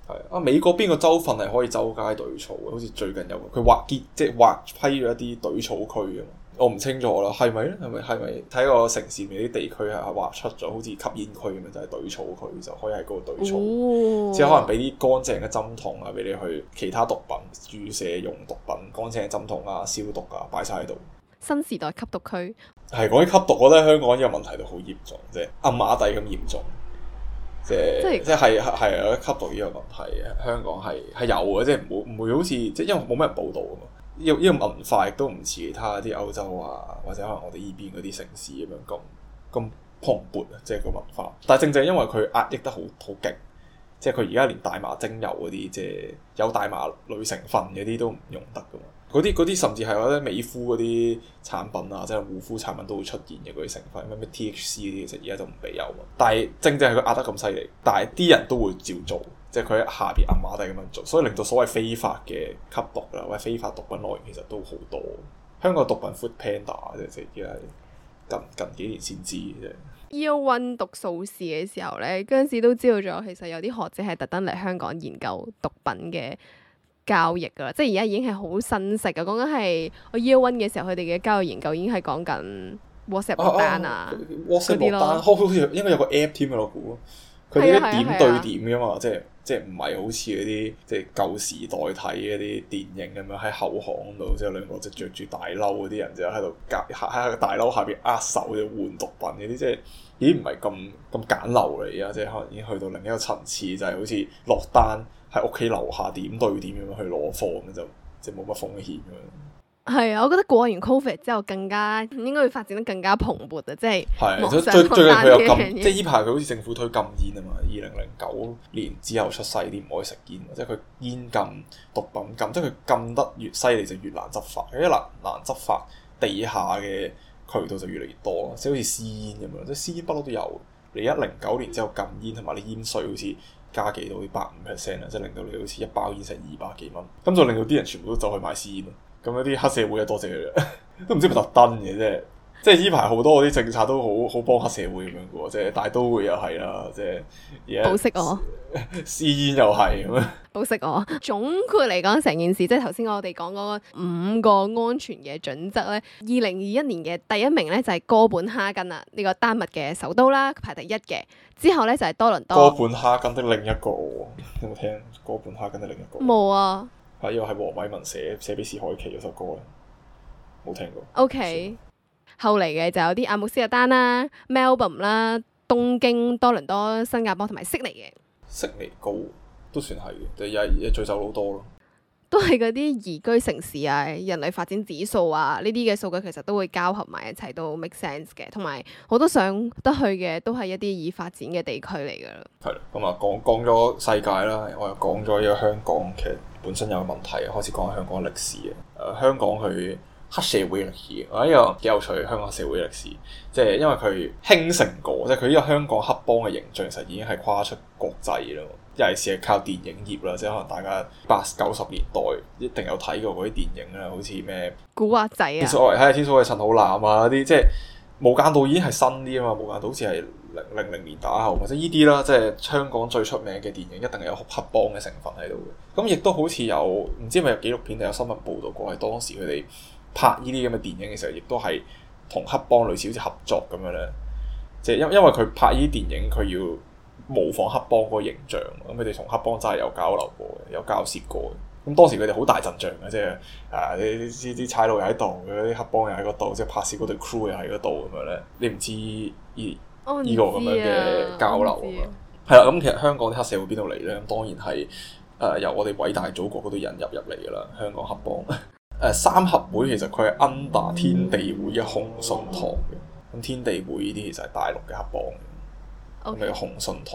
係啊，美國邊個州份係可以周街對草嘅？好似最近有佢劃結，即係劃批咗一啲對草區啊！我唔清楚啦，係咪咧？係咪係咪？睇個城市邊啲地區係劃出咗，好似吸煙區咁啊，就係、是、對草區就可以喺嗰度對草。即係、哦、可能俾啲乾淨嘅針筒啊，俾你去其他毒品注射用毒品乾淨嘅針筒啊、消毒啊，擺晒喺度。新時代吸毒區係講啲吸毒，我覺得香港呢個問題都好嚴重，即係，暗馬底咁嚴重。就是即即係係係啊，吸毒呢個問題，香港係係有嘅，即係唔會唔會好似即係因為冇咩報道啊嘛。呢呢個文化亦都唔似其他啲歐洲啊，或者可能我哋依邊嗰啲城市咁樣咁咁蓬勃啊，即係個文化。但係正正因為佢壓抑得好好勁，即係佢而家連大麻精油嗰啲即係有大麻類成分嗰啲都唔用得嘅嘛。嗰啲啲甚至係嗰啲美膚嗰啲產品啊，即係護膚產品都會出現嘅嗰啲成分，咩咩 THC 啲，其實而家就唔俾有。但係正正係佢壓得咁犀利，但係啲人都會照做，即係佢喺下邊壓馬低咁樣做，所以令到所謂非法嘅吸毒啦，或者非法毒品來源其實都好多。香港毒品 Food Panda，即係近近幾年先知嘅啫。要運毒數字嘅時候咧，嗰陣時都知道咗，其實有啲學者係特登嚟香港研究毒品嘅。交易噶啦，即係而家已經係好新式噶。講緊係我 Year One 嘅時候，佢哋嘅交易研究已經係講緊 WhatsApp 落單啊，嗰啲咯。應該有個 app 添啊，我估。佢哋點對點噶嘛，啊啊啊、即係即係唔係好似嗰啲即係舊時代睇嗰啲電影咁樣喺後巷度，即係兩個即着住大褸嗰啲人就喺度夾下喺個大褸下邊握手，就係換毒品嗰啲。即係咦唔係咁咁簡陋嚟啊！即係可能已經去到另一個層次，就係、是、好似落單。喺屋企樓下點對點咁樣去攞貨咁就即係冇乜風險咁樣。係啊，我覺得過完 Covid 之後更加應該會發展得更加蓬勃啊！即係係，最最近佢有禁，即係呢排佢好似政府推禁煙啊嘛。二零零九年之後出世啲唔可以食煙，即係佢煙禁、毒品禁，即係佢禁得越犀利就越難執法。因為難難執法，地下嘅渠道就越嚟越多咯，即係好似私煙咁樣，即係私煙不嬲都有。你一零九年之後禁煙同埋你煙稅好似。加幾多啲百五 percent 啊，即係令到你好似一包煙成二百幾蚊，咁就令到啲人全部都走去買私煙，咁一啲黑社會多謝佢啦， 都唔知咪特登嘅啫。即係呢排好多嗰啲政策都好好幫黑社會咁樣嘅喎，即係大都會又係啦，即係而家保釋我， 私煙又係咁樣保釋。保釋我總括嚟講成件事，即係頭先我哋講嗰個五個安全嘅準則咧。二零二一年嘅第一名咧就係、是、哥本哈根啦，呢、這個丹麥嘅首都啦，排第一嘅。之後咧就係、是、多倫多哥。哥本哈根的另一個有冇聽？哥本哈根的另一個冇啊。係又係黃偉文寫寫俾史海琪嗰首歌咧，冇聽過。O Okay . K。後嚟嘅就有啲阿姆斯特丹啦、啊、Melbourne 啦、啊、東京、多倫多、新加坡同埋悉尼嘅。悉尼高都算係嘅，即係一又聚首好多咯。都係嗰啲宜居城市啊、人類發展指數啊呢啲嘅數據其實都會交合埋一齊到 make sense 嘅。同埋我都想得去嘅都係一啲已發展嘅地區嚟嘅。啦。咁啊講講咗世界啦，我又講咗呢個香港，其實本身有問題，開始講香港嘅歷史嘅。誒、呃，香港佢。黑社會歷史，我覺得又幾有趣。香港社會歷史，即係因為佢興盛過，即係佢呢個香港黑幫嘅形象，實已經係跨出國際嘅咯。尤其是係靠電影業啦，即係可能大家八九十年代一定有睇過嗰啲電影啦，好似咩古惑仔啊，天所為，睇天所為，陳浩南啊嗰啲，即係《無間道》已經係新啲啊嘛，《無間道》好似係零零零年打後或者依啲啦，即係香港最出名嘅電影，一定係有黑幫嘅成分喺度嘅。咁亦都好似有唔知係咪有紀錄片定有新聞報導過，係當時佢哋。拍呢啲咁嘅電影嘅時候，亦都係同黑幫類似合作咁樣咧，即係因因為佢拍呢啲電影，佢要模仿黑幫嗰個形象，咁佢哋同黑幫真係有交流過，有交涉過。咁當時佢哋好大陣仗嘅，即係啊啲啲啲差佬又喺度，嗰啲黑幫又喺嗰度，即係拍攝嗰隊 crew 又喺嗰度咁樣咧，你唔知呢呢個咁樣嘅交流。係啦，咁、嗯、其實香港啲黑社會邊度嚟咧？當然係誒、呃、由我哋偉大祖國嗰度引入入嚟噶啦，香港黑幫。 三合會其實佢係 under 天地會嘅洪順堂嘅，咁天地會呢啲其實係大陸嘅黑幫。咁咪 Okay. 堂，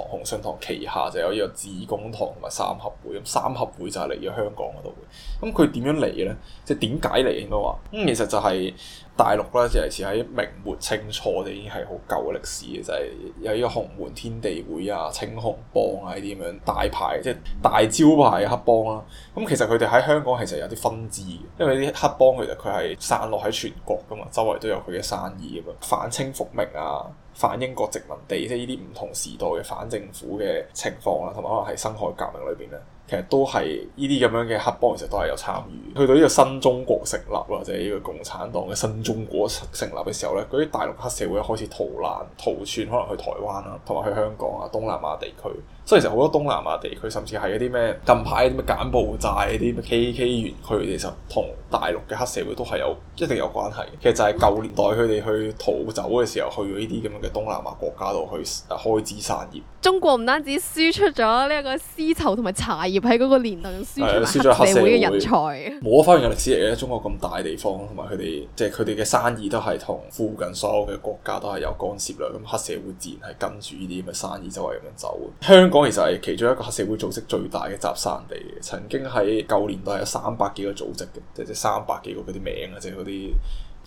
洪順堂旗下就有呢個子貢堂同埋三合會。咁三合會就係嚟咗香港嗰度嘅。咁佢點樣嚟嘅咧？即係點解嚟應該話？咁、嗯、其實就係大陸啦，就係似喺明末清初，就已經係好舊嘅歷史嘅，就係有呢個紅門天地會啊、青紅幫啊呢啲咁樣大牌，即、就、係、是、大招牌嘅黑幫啦、啊。咁、嗯、其實佢哋喺香港其實有啲分支嘅，因為啲黑幫其實佢係散落喺全國噶嘛，周圍都有佢嘅生意噶嘛，反清復明啊。反英國殖民地，即係呢啲唔同時代嘅反政府嘅情況啦，同埋可能係辛亥革命裏邊咧，其實都係呢啲咁樣嘅黑幫，其實都係有參與。去到呢個新中國成立或者呢個共產黨嘅新中國成立嘅時候咧，嗰啲大陸黑社會開始逃難、逃竄，可能去台灣啦，同埋去香港啊、東南亞地區。所以其實好多東南亞地區，甚至係嗰啲咩近排啲咩柬埔寨嗰啲咩 KK 園區，其實同大陸嘅黑社會都係有一定有關係。其實就係舊年代佢哋去逃走嘅時候，去咗呢啲咁嘅東南亞國家度去開枝散葉。中國唔單止輸出咗呢一個絲綢同埋茶葉，喺嗰個年代輸，輸出咗黑社會嘅人才。冇啊，翻完個歷史嚟嘅，中國咁大地方，同埋佢哋即係佢哋嘅生意都係同附近所有嘅國家都係有干涉啦。咁黑社會自然係跟住呢啲咁嘅生意周圍咁樣走。香港其實係其中一個黑社會組織最大嘅集散地。曾經喺舊年代有三百幾個組織嘅，即係三百幾個嗰啲名啊，即係嗰啲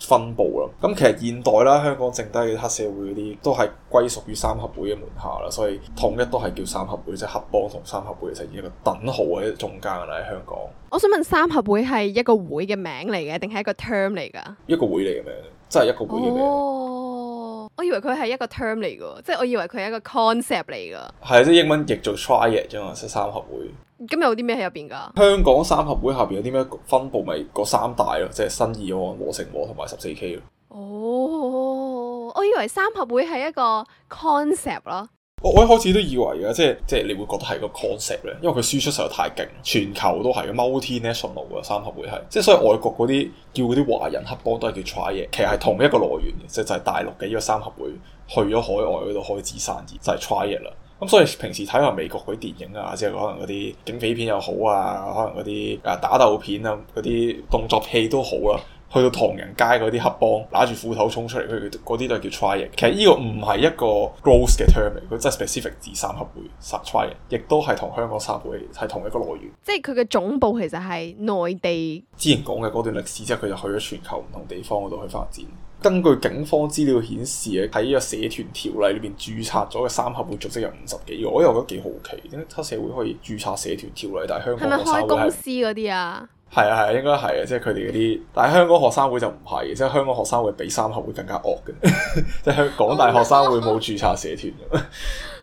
分部啦。咁、嗯、其實現代啦，香港剩低嘅黑社會嗰啲都係歸屬於三合會嘅門下啦，所以統一都係叫三合會，即係黑幫同三合會就係一個等號喺中間啦。喺香港，我想問三合會係一個會嘅名嚟嘅，定係一個 term 嚟㗎？一個會嚟嘅名，即係一個會嘅名。Oh. 我以為佢係一個 term 嚟嘅，即係我以為佢係一個 concept 嚟㗎。係即係英文譯做 triad 啫嘛，即係三合會。今日有啲咩喺入邊㗎？香港三合會下邊有啲咩分布？咪個三大咯，即係新義安、和勝和同埋十四 K 咯。哦，oh，我以為三合會係一個 concept 咯。我一開始都以為嘅，即係即係你會覺得係個 concept 咧，因為佢輸出實在太勁，全球都係嘅。Multinational 嘅三合會係，即係所以外國嗰啲叫嗰啲華人黑幫都係叫 Triad，其實係同一個來源，即係就係、是、大陸嘅呢個三合會去咗海外嗰度開枝散葉就係、是、Triad 啦。咁所以平時睇下美國嗰啲電影啊，即係可能嗰啲警匪片又好啊，可能嗰啲啊打鬥片啊，嗰啲動作戲都好啊。去到唐人街嗰啲黑幫拿住斧頭衝出嚟，佢嗰啲都係叫 try。其實呢個唔係一個 gross 嘅 term 嚟，佢真係 specific 指三合會殺 try，亦都係同香港三合會係同一個來源。即係佢嘅總部其實係內地。之前講嘅嗰段歷史之後，佢就去咗全球唔同地方嗰度去發展。根據警方資料顯示，喺呢個社團條例裏邊註冊咗嘅三合會組織有五十幾個。我又覺得幾好奇，點解黑社會可以註冊社團條例，但係香港嘅三合會係咪開公司嗰啲啊？係啊，係啊，應該係啊，即係佢哋嗰啲，但係香港學生會就唔係，即係香港學生會比三合會更加惡嘅， 即係港大學生會冇註冊社團。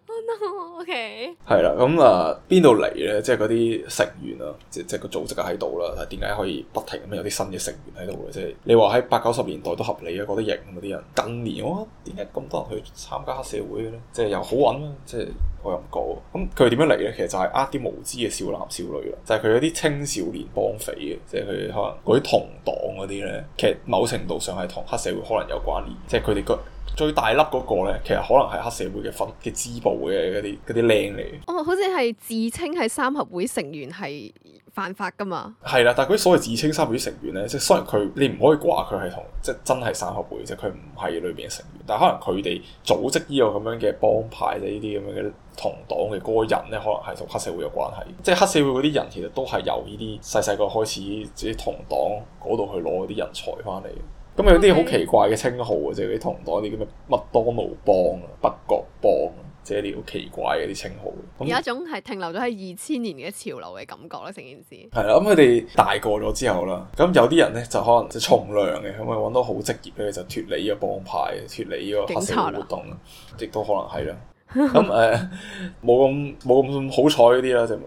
O K，係啦，咁啊邊度嚟呢？即係嗰啲成員啊，即即個組織喺度啦。但點解可以不停咁有啲新嘅成員喺度咧？即係你話喺八九十年代都合理啊，嗰啲型嗰啲人。近年我諗，點解咁多人去參加黑社會呢？即係又好揾啊，即係我又唔覺。咁佢點樣嚟呢？其實就係呃啲無知嘅少男少女啦，就係佢嗰啲青少年幫匪嘅，即係佢可能嗰啲同黨嗰啲呢，其實某程度上係同黑社會可能有關聯，即係佢哋個。最大粒嗰個咧，其實可能係黑社會嘅分嘅支部嘅嗰啲嗰啲僆嚟。哦，oh, 好似係自稱係三合會成員係犯法噶嘛？係啦，但係佢所謂自稱三合會成員咧，即係雖然佢你唔可以掛佢係同即係真係三合會，即佢唔係裏邊嘅成員。但係可能佢哋組織呢個咁樣嘅幫派，即呢啲咁樣嘅同黨嘅嗰個人咧，可能係同黑社會有關係。即係黑社會嗰啲人其實都係由呢啲細細個開始，自己同黨嗰度去攞啲人才翻嚟。咁有啲好奇怪嘅稱號啊，即係啲同黨啲咁嘅麥當勞幫啊、北角幫啊，即係啲好奇怪嘅啲稱號。有一種係停留咗喺二千年嘅潮流嘅感覺咧，成件事。係啦，咁佢哋大個咗之後啦，咁有啲人咧就可能就從良嘅，咁咪搵到好職業咧，就脫離依個幫派，脫離依個黑色活動，亦都可能係啦。咁誒冇咁冇咁好彩嗰啲啦，就冇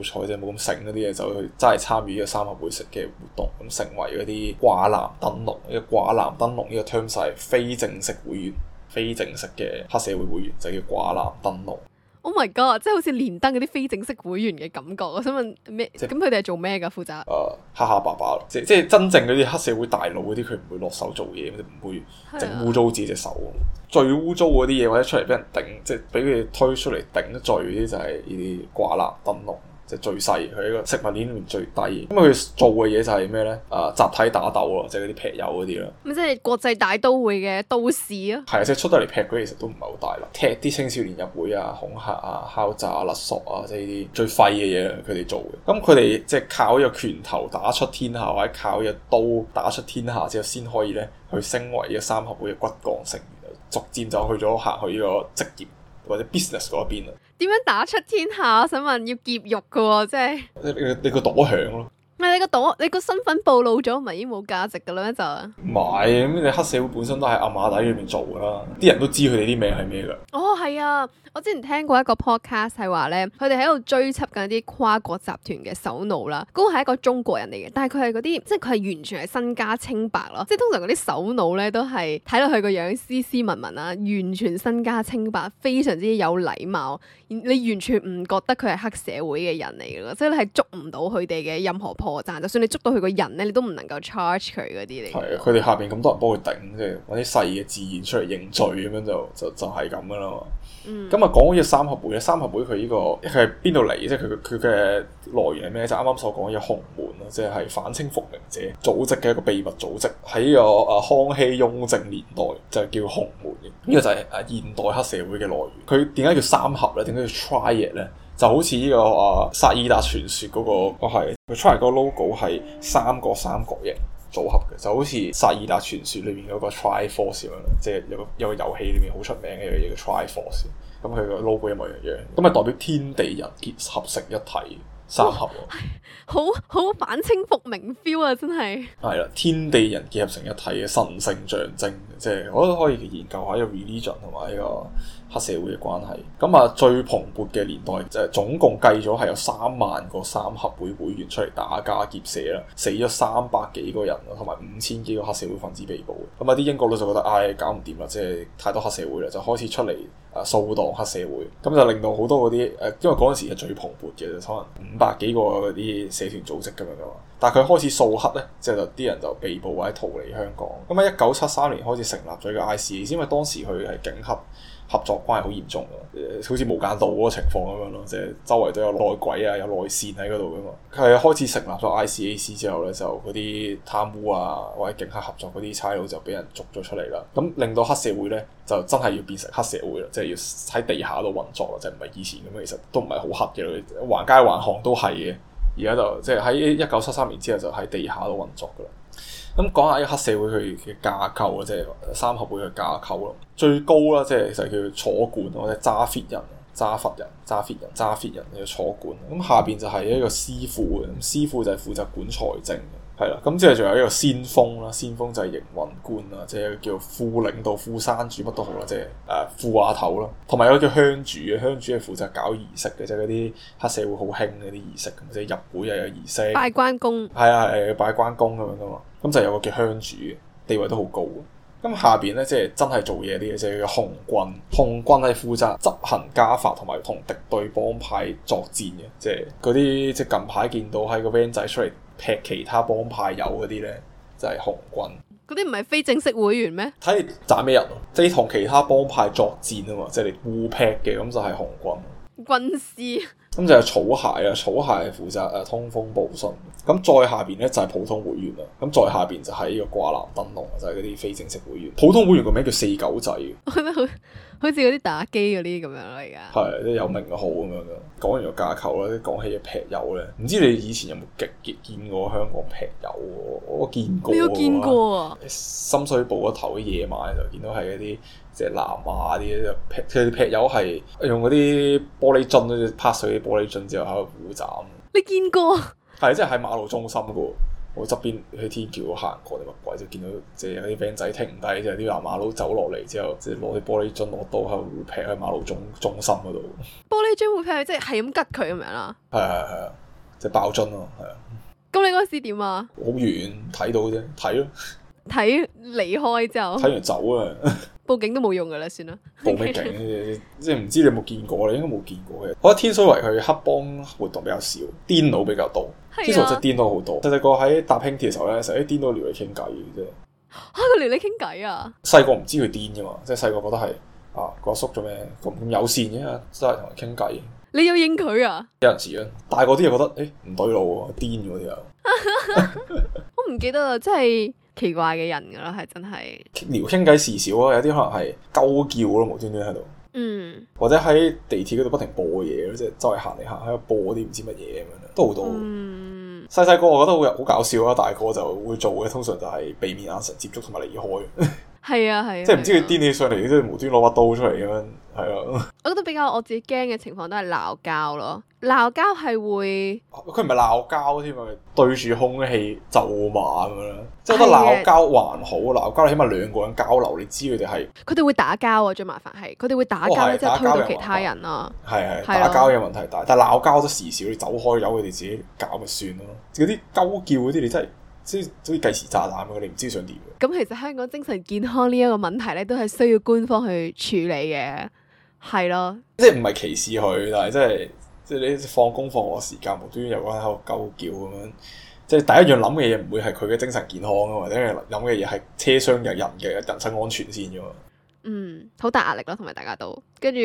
咁好彩啫，冇咁醒嗰啲嘢就去真係參與呢個三合會式嘅活動，咁成為嗰啲掛藍燈籠，呢個掛藍燈籠呢個 terms 係非正式會員，非正式嘅黑社會會員就叫掛藍燈籠。Oh my god！即係好似連登嗰啲非正式會員嘅感覺，我想問咩？咁佢哋係做咩噶？負責？誒，uh, 哈哈，下爸爸咯，即係即係真正嗰啲黑社會大佬嗰啲，佢唔會落手做嘢，佢唔會整污糟自己隻手。Yeah. 最污糟嗰啲嘢，或者出嚟俾人頂，即係俾佢哋推出嚟頂得最嗰啲，就係呢啲掛藍燈籠。最細，佢呢個食物鏈裏面最低。咁、嗯、佢做嘅嘢就係咩呢？啊，集體打鬥啊，即係嗰啲劈友嗰啲啦。咁即係國際大都會嘅都市啊，係啊，即係出得嚟劈佢，其實都唔係好大粒。踢啲青少年入會啊，恐嚇啊，敲詐啊，勒索啊，即係呢啲最廢嘅嘢，佢哋做嘅。咁佢哋即係靠呢個拳頭打出天下，或者靠呢個刀打出天下之後，先可以呢，去升為呢個三合會嘅骨幹成員，逐漸就去咗行去呢個職業或者 business 嗰邊啦。點樣打出天下？我想問要劫獄噶、哦，即係你你你個朵響咯。唔係你個朵，你個身份暴露咗，咪已經冇價值噶啦？就唔係咁，你黑社會本身都係阿馬底裏面做噶啦，啲人都知佢哋啲名係咩噶。哦，係啊。我之前聽過一個 podcast 係話咧，佢哋喺度追緝緊啲跨國集團嘅首腦啦。嗰個係一個中國人嚟嘅，但係佢係嗰啲，即係佢係完全係身家清白咯。即係通常嗰啲首腦咧，都係睇落去個樣斯斯文文啦，啊，完全身家清白，非常之有禮貌。你完全唔覺得佢係黑社會嘅人嚟嘅咯。即係你係捉唔到佢哋嘅任何破綻。就算你捉到佢個人咧，你都唔能夠 charge 佢嗰啲嚟。係啊對，佢哋說下邊咁多人幫佢頂，即係揾啲細嘅字眼出嚟認罪咁、嗯就是、樣就就就係咁噶啦嘛。咁啊，講嗰隻三合會咧，三合會佢呢個係邊度嚟？即係佢佢嘅來源係咩，就啱啱所講嘅紅門啦，即係反清復明者組織嘅一個秘密組織喺呢個啊康熙雍正年代就係叫紅門嘅，呢個就係啊現代黑社會嘅來源。佢點解叫三合咧？點解叫 triad 咧？就好似呢個啊薩爾達傳説嗰個，佢 try 個 logo 係三個三角形。組合嘅就好似《薩爾達傳說》裏面嗰個 Tri Force 咁樣，即係有個有個遊戲裏面好出名嘅嘢叫 Tri Force，咁佢個 logo 一模一樣，咁、嗯、咪、嗯嗯、代表天地人結合成一體三合咯、哦，好好反清復明 feel 啊！真係係啦，天地人結合成一體嘅神聖象徵，即係我覺得可以研究一下呢個 religion 同埋呢個。黑社會嘅關係，咁啊最蓬勃嘅年代就係、是、總共計咗係有三萬個三合會會員出嚟打家劫舍啦，死咗三百幾個人，同埋五千幾個黑社會分子被捕。咁啊啲英國佬就覺得唉、哎、搞唔掂啦，即係太多黑社會啦，就開始出嚟掃蕩黑社會。咁就令到好多嗰啲誒，因為嗰陣時係最蓬勃嘅，就可能五百幾個嗰啲社團組織咁樣噶嘛。但係佢開始掃黑呢，之後就啲人就被捕或者逃離香港。咁喺一九七三年開始成立咗個 I.C.，因為當時佢係警黑。合作關係好嚴重咯，誒好似無間道嗰個情況咁樣咯，即係周圍都有內鬼啊，有內線喺嗰度噶嘛。佢係開始成立咗 ICAC 之後咧，就嗰啲貪污啊或者警黑合作嗰啲差佬就俾人捉咗出嚟啦。咁令到黑社會咧就真係要變成黑社會啦，即係要喺地下度運作啦，就唔係以前咁。其實都唔係好黑嘅，橫街橫巷都係嘅。而家就即係喺一九七三年之後就喺地下度運作㗎喇。咁講下呢個黑社會佢嘅架構咯，即係三合會嘅架構咯。最高啦，即係就叫坐館或者揸 fit 人、揸 fit 人、揸 fit 人、揸 fit 人，叫坐館。咁下邊就係一個師傅嘅，師傅就係負責管財政。係啦，咁即係仲有一個先鋒啦，先鋒就係營運官啦，即係叫副領導、副山主乜都好啦，即係誒、啊、副話頭啦，同埋有個叫香主嘅，香主係負責搞儀式嘅，即係嗰啲黑社會好興嗰啲儀式，即係入會又有儀式拜，拜關公，係啊係拜關公咁樣噶嘛，咁就有個叫香主，地位都好高，咁下邊咧即係真係做嘢啲嘅，即係叫紅棍，紅棍係負責執行家法同埋同敵對幫派作戰嘅，即係嗰啲即係近排見到喺個 van 仔出嚟。劈其他幫派有嗰啲咧，就係紅軍。嗰啲唔係非正式會員咩？睇你斬咩人咯，即係你同其他幫派作戰啊嘛，即係你互劈嘅，咁就係紅軍。軍師，咁就係草鞋啊，草鞋負責誒通風報信。.咁再下邊咧就係、是、普通會員啦，咁再下邊就係呢個掛藍燈籠，就係嗰啲非正式會員。普通會員個名叫四九仔，我覺得好好似嗰啲打機嗰啲咁樣咯。而家係啲有名號咁樣咯。講完個架構啦，啲講起嘢劈友咧，唔知你以前有冇極極見過香港劈友？我見過。你有見過啊？深水埗嗰頭嘅夜晚就見到係嗰啲只南亞啲，劈佢劈友係用嗰啲玻璃樽，拍碎啲玻璃樽之後喺度斧斬。你見過？ 係，即係喺馬路中心噶，我側邊喺天橋行過，定乜鬼就見到即係有啲 band 仔停低，即係啲藍馬佬走落嚟之後，即係攞啲玻璃樽攞刀後劈喺馬路中中心嗰度。玻璃樽會劈，即係係咁吉佢咁樣啦。係係係，即係爆樽咯，係啊。咁你嗰時點啊？好遠睇到啫，睇咯。睇離開之後。睇完走啊。 報警都冇用噶啦，算啦。Okay. 報咩警？即係唔知你有冇見過啦，你應該冇見過嘅。我覺得天水圍佢黑幫活動比較少，癲佬比較多。啊、天水圍真係癲佬好多。細細個喺搭輕鐵嘅時候咧，成日誒癲佬撩你傾偈嘅啫。吓佢撩你傾偈啊？細個唔知佢癲噶嘛，即係細個覺得係啊個阿叔做咩咁咁友善嘅，真係同佢傾偈。你要應佢啊？有陣時啦，大個啲又覺得誒唔對路，癲嗰啲又。 我唔記得啦，即係。奇怪嘅人噶咯，係真係聊傾偈事少啊，有啲可能係鳩叫咯，無端端喺度。嗯。或者喺地鐵嗰度不停播嘢，即係周圍行嚟行去，喺度播啲唔知乜嘢咁樣，都好多。嗯。細細個我覺得好好搞笑啊，大個就會做嘅，通常就係避免眼、啊、神接觸同埋離開。 係啊係啊，即係唔知佢癲起上嚟，即係無端攞把刀出嚟咁樣，係啊。我覺得比較我自己驚嘅情況都係鬧交咯，鬧交係會，佢唔係鬧交添啊，對住空氣咒罵咁樣，即係覺得鬧交還好，鬧交你起碼兩個人交流，你知佢哋係。佢哋會打交啊，最麻煩係佢哋會打交，即係推到其他人啊，係係，打交嘅問題大，但係鬧交我都時少，你走開由佢哋自己搞咪算咯。嗰啲鳩叫嗰啲你真係。.即係可以計時炸彈啊！你唔知想點？咁其實香港精神健康呢一個問題咧，都係需要官方去處理嘅，係咯。即係唔係歧視佢，但係即係即係你放工放學時間無端端有個人喺度鳩叫咁樣，即係第一樣諗嘅嘢唔會係佢嘅精神健康啊，或者諗嘅嘢係車廂入面嘅人，人身安全先啫嘛。嗯，好大壓力咯，同埋大家都跟住。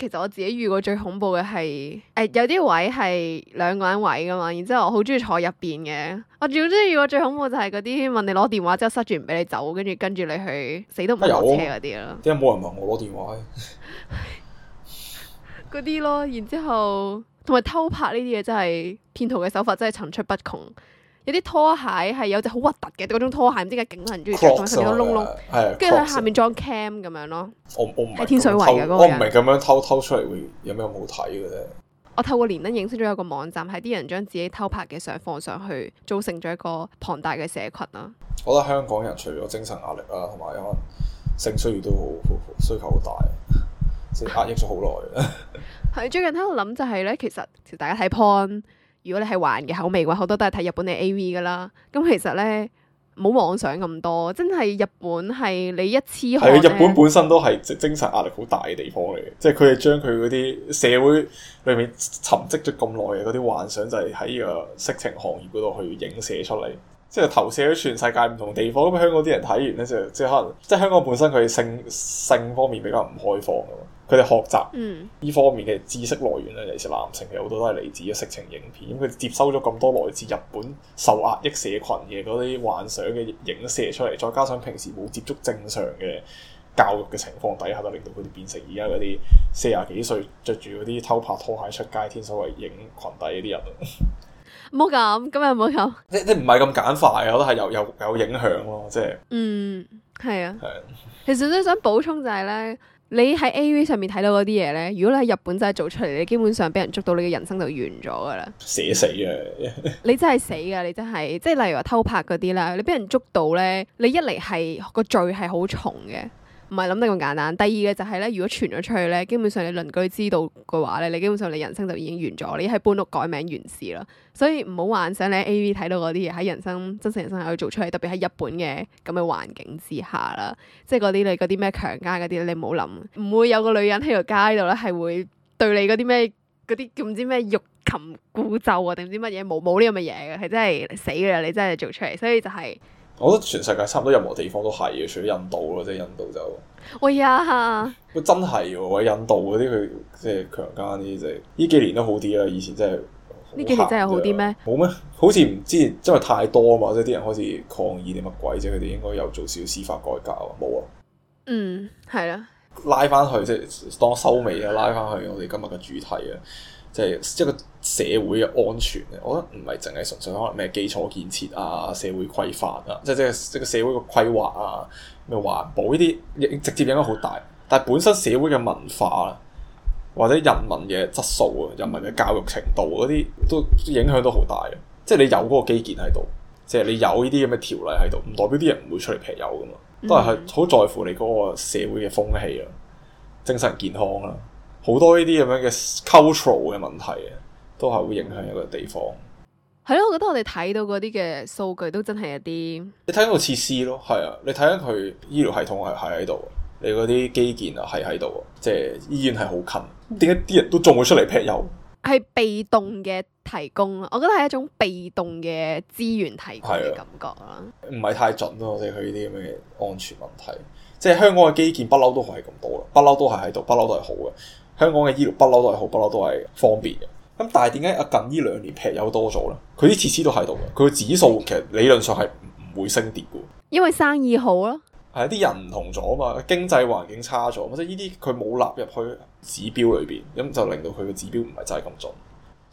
其實我自己遇過最恐怖嘅係，誒、哎、有啲位係兩個人位㗎嘛，然之後我好中意坐入邊嘅。我仲最中意遇過最恐怖就係嗰啲問你攞電話之後塞住唔俾你走，跟住跟住你去，死都唔落車嗰啲、哎、呦咯。點解冇人問我攞電話？嗰 啲 咯，然之後同埋偷拍呢啲嘢真係，騙徒嘅手法真係層出不窮。有啲拖鞋係有隻好核突嘅，嗰種拖鞋唔知解勁多人中意著，仲有好多窿窿，跟住喺下面裝 cam 咁樣咯。我天水圍樣我唔係咁樣偷樣偷,偷出嚟會有咩好睇嘅啫。我透過連登認識咗一個網站，係啲人將自己偷拍嘅相放上去，造成咗一個龐大嘅社群啦。我覺得香港人除咗精神壓力啊，同埋可能性需要都好需求好大，即係壓抑咗好耐。係最近喺度諗就係咧，其實、, 就係、其實大家睇 point。如果你係華人嘅口味嘅話，好多都係睇日本嘅 AV 噶啦。咁其實咧，冇妄想咁多，真係日本係你一次去咧。係啊，日本本身都係精神壓力好大嘅地方嚟，嘅。即係佢哋將佢嗰啲社會裏面沉積咗咁耐嘅嗰啲幻想，就係喺個色情行業嗰度去影射出嚟，即係投射咗全世界唔同地方。咁香港啲人睇完咧，就即係可能即係香港本身佢性性方面比較唔開放啊。佢哋學習呢方面嘅知識來源咧，尤其是男性，嘅好多都係嚟自嘅色情影片。咁佢接收咗咁多來自日本受壓抑社群嘅嗰啲幻想嘅影射出嚟，再加上平時冇接觸正常嘅教育嘅情況底下，就令到佢哋變成而家嗰啲四廿幾歲着住嗰啲偷拍拖鞋出街天，天所謂影裙底嗰啲人啊！唔好咁，今日唔好咁。你你唔係咁簡化啊！我都係有有有影響咯，即係嗯，係啊，係是。其實都想補充就係咧。你喺 AV 上面睇到嗰啲嘢咧，如果你喺日本真係做出嚟，你基本上俾人捉到，你嘅人生就完咗噶啦。死死啊！你真係死噶，你真係，即係例如話偷拍嗰啲啦，你俾人捉到咧，你一嚟係個罪係好重嘅。唔係諗得咁簡單。第二嘅就係咧，如果傳咗出去咧，基本上你鄰居知道嘅話咧，你基本上你人生就已經完咗，你喺搬屋改名完事啦。所以唔好幻想你喺 A.V. 睇到嗰啲嘢喺人生真實人生可以做出嚟，特別喺日本嘅咁嘅環境之下啦，即係嗰啲你嗰啲咩強姦嗰啲咧，你唔好諗，唔會有個女人喺條街度咧係會對你嗰啲咩嗰啲叫唔知咩欲擒故縱啊定唔知乜嘢冇冇呢樣嘅嘢嘅，係真係死嘅，你真係做出嚟，所以就係。我覺得全世界差唔多任何地方都係嘅，除咗印度咯，即係印度就，喂呀，真係喎，喂印度嗰啲佢即係強奸啲，即係呢幾年都好啲啦，以前真係，呢幾年真係好啲咩？冇咩，好似唔知，因為太多啊嘛，即係啲人開始抗議啲乜鬼啫，佢哋應該有做少司法改革啊。冇啊，嗯，係啊，拉翻去即係當收尾啊，拉翻去我哋今日嘅主題啊。即係一個社會嘅安全，我覺得唔係淨係純粹可能咩基礎建設啊、社會規範啊，即係即係即係個社會嘅規劃啊、咩環保呢啲，直接影響好大。但係本身社會嘅文化啊，或者人民嘅質素啊、人民嘅教育程度嗰啲，都影響都好大嘅。即係你有嗰個基建喺度，即係你有呢啲咁嘅條例喺度，唔代表啲人唔會出嚟劈友噶嘛。都係係好在乎你嗰個社會嘅風氣啊、精神健康啊。好多呢啲咁樣嘅 cultural 嘅問題啊，都係會影響一個地方。係咯，我覺得我哋睇到嗰啲嘅數據都真係一啲。你睇到個設施咯，係啊，你睇緊佢醫療系統係係喺度，你嗰啲基建啊係喺度，即係醫院係好近。點解啲人都仲會出嚟劈油？係被動嘅提供，我覺得係一種被動嘅資源提供嘅感覺咯。唔係太準咯，我哋去呢啲咁嘅安全問題。即係香港嘅基建不嬲都係咁多啦，不嬲都係喺度，不嬲都係好嘅。香港嘅醫療不嬲都係好，不嬲都係方便嘅。咁但係點解啊近呢兩年劈友多咗咧？佢啲設施都喺度嘅，佢個指數其實理論上係唔會升跌嘅。因為生意好咯，係呀，啲人唔同咗嘛，經濟環境差咗，即係呢啲佢冇納入去指標裏邊，咁就令到佢個指標唔係真係咁準。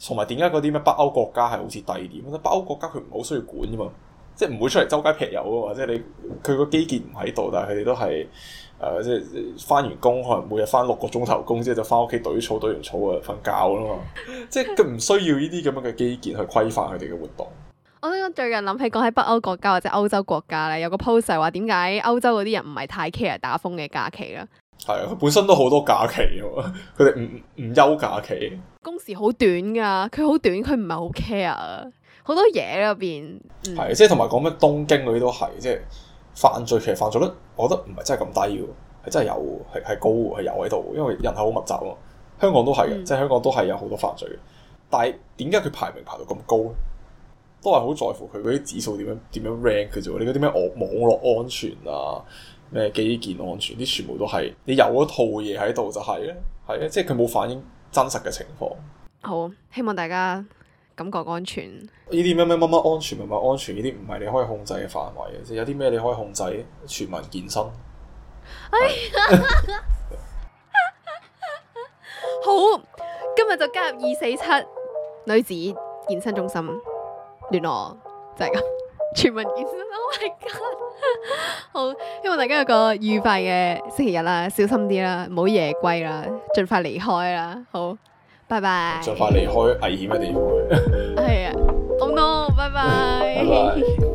同埋點解嗰啲咩北歐國家係好似低啲？北歐國家佢唔好需要管啫嘛，即係唔會出嚟周街劈友啊！或者你佢個基建唔喺度，但係佢哋都係。誒、呃，即係翻完工，可能每日翻六個鐘頭工，之後就翻屋企堆草，堆完草啊，瞓覺啦嘛。即係佢唔需要呢啲咁樣嘅基建去規範佢哋嘅活動。我最近諗起講喺北歐國家或者歐洲國家咧，有個 post 係話點解歐洲嗰啲人唔係太 care 打風嘅假期啦。係啊、嗯，佢本身都好多假期啊，佢哋唔唔休假期，工時好短噶，佢好短，佢唔係好 care，好多嘢入邊。係、嗯、啊、嗯，即係同埋講咩東京嗰啲都係即係。犯罪其實犯罪率，我覺得唔係真係咁低喎，係真係有的，係係高，係有喺度。因為人口好密集啊，香港都係嘅，嗯、即係香港都係有好多犯罪嘅。但係點解佢排名排到咁高咧？都係好在乎佢嗰啲指數點樣點樣 rank 嘅啫喎。你嗰啲咩網網絡安全啊、咩基建安全啲，全部都係你有嗰套嘢喺度就係、係、咧，係啊，即係佢冇反映真實嘅情況。好，希望大家。感覺安全？呢啲咩咩乜乜安全唔係安全？呢啲唔係你可以控制嘅範圍嘅，即有啲咩你可以控制？全民健身。哎呀， 好，今日就加入二四七女子健身中心聯絡，就係、是、咁。全民健身，Oh my god！好，希望大家有個愉快嘅星期日啦，小心啲啦，唔好夜歸啦，盡快離開啦，好。拜拜！盡快離開危險嘅地方。係啊，Oh no！拜拜。拜拜。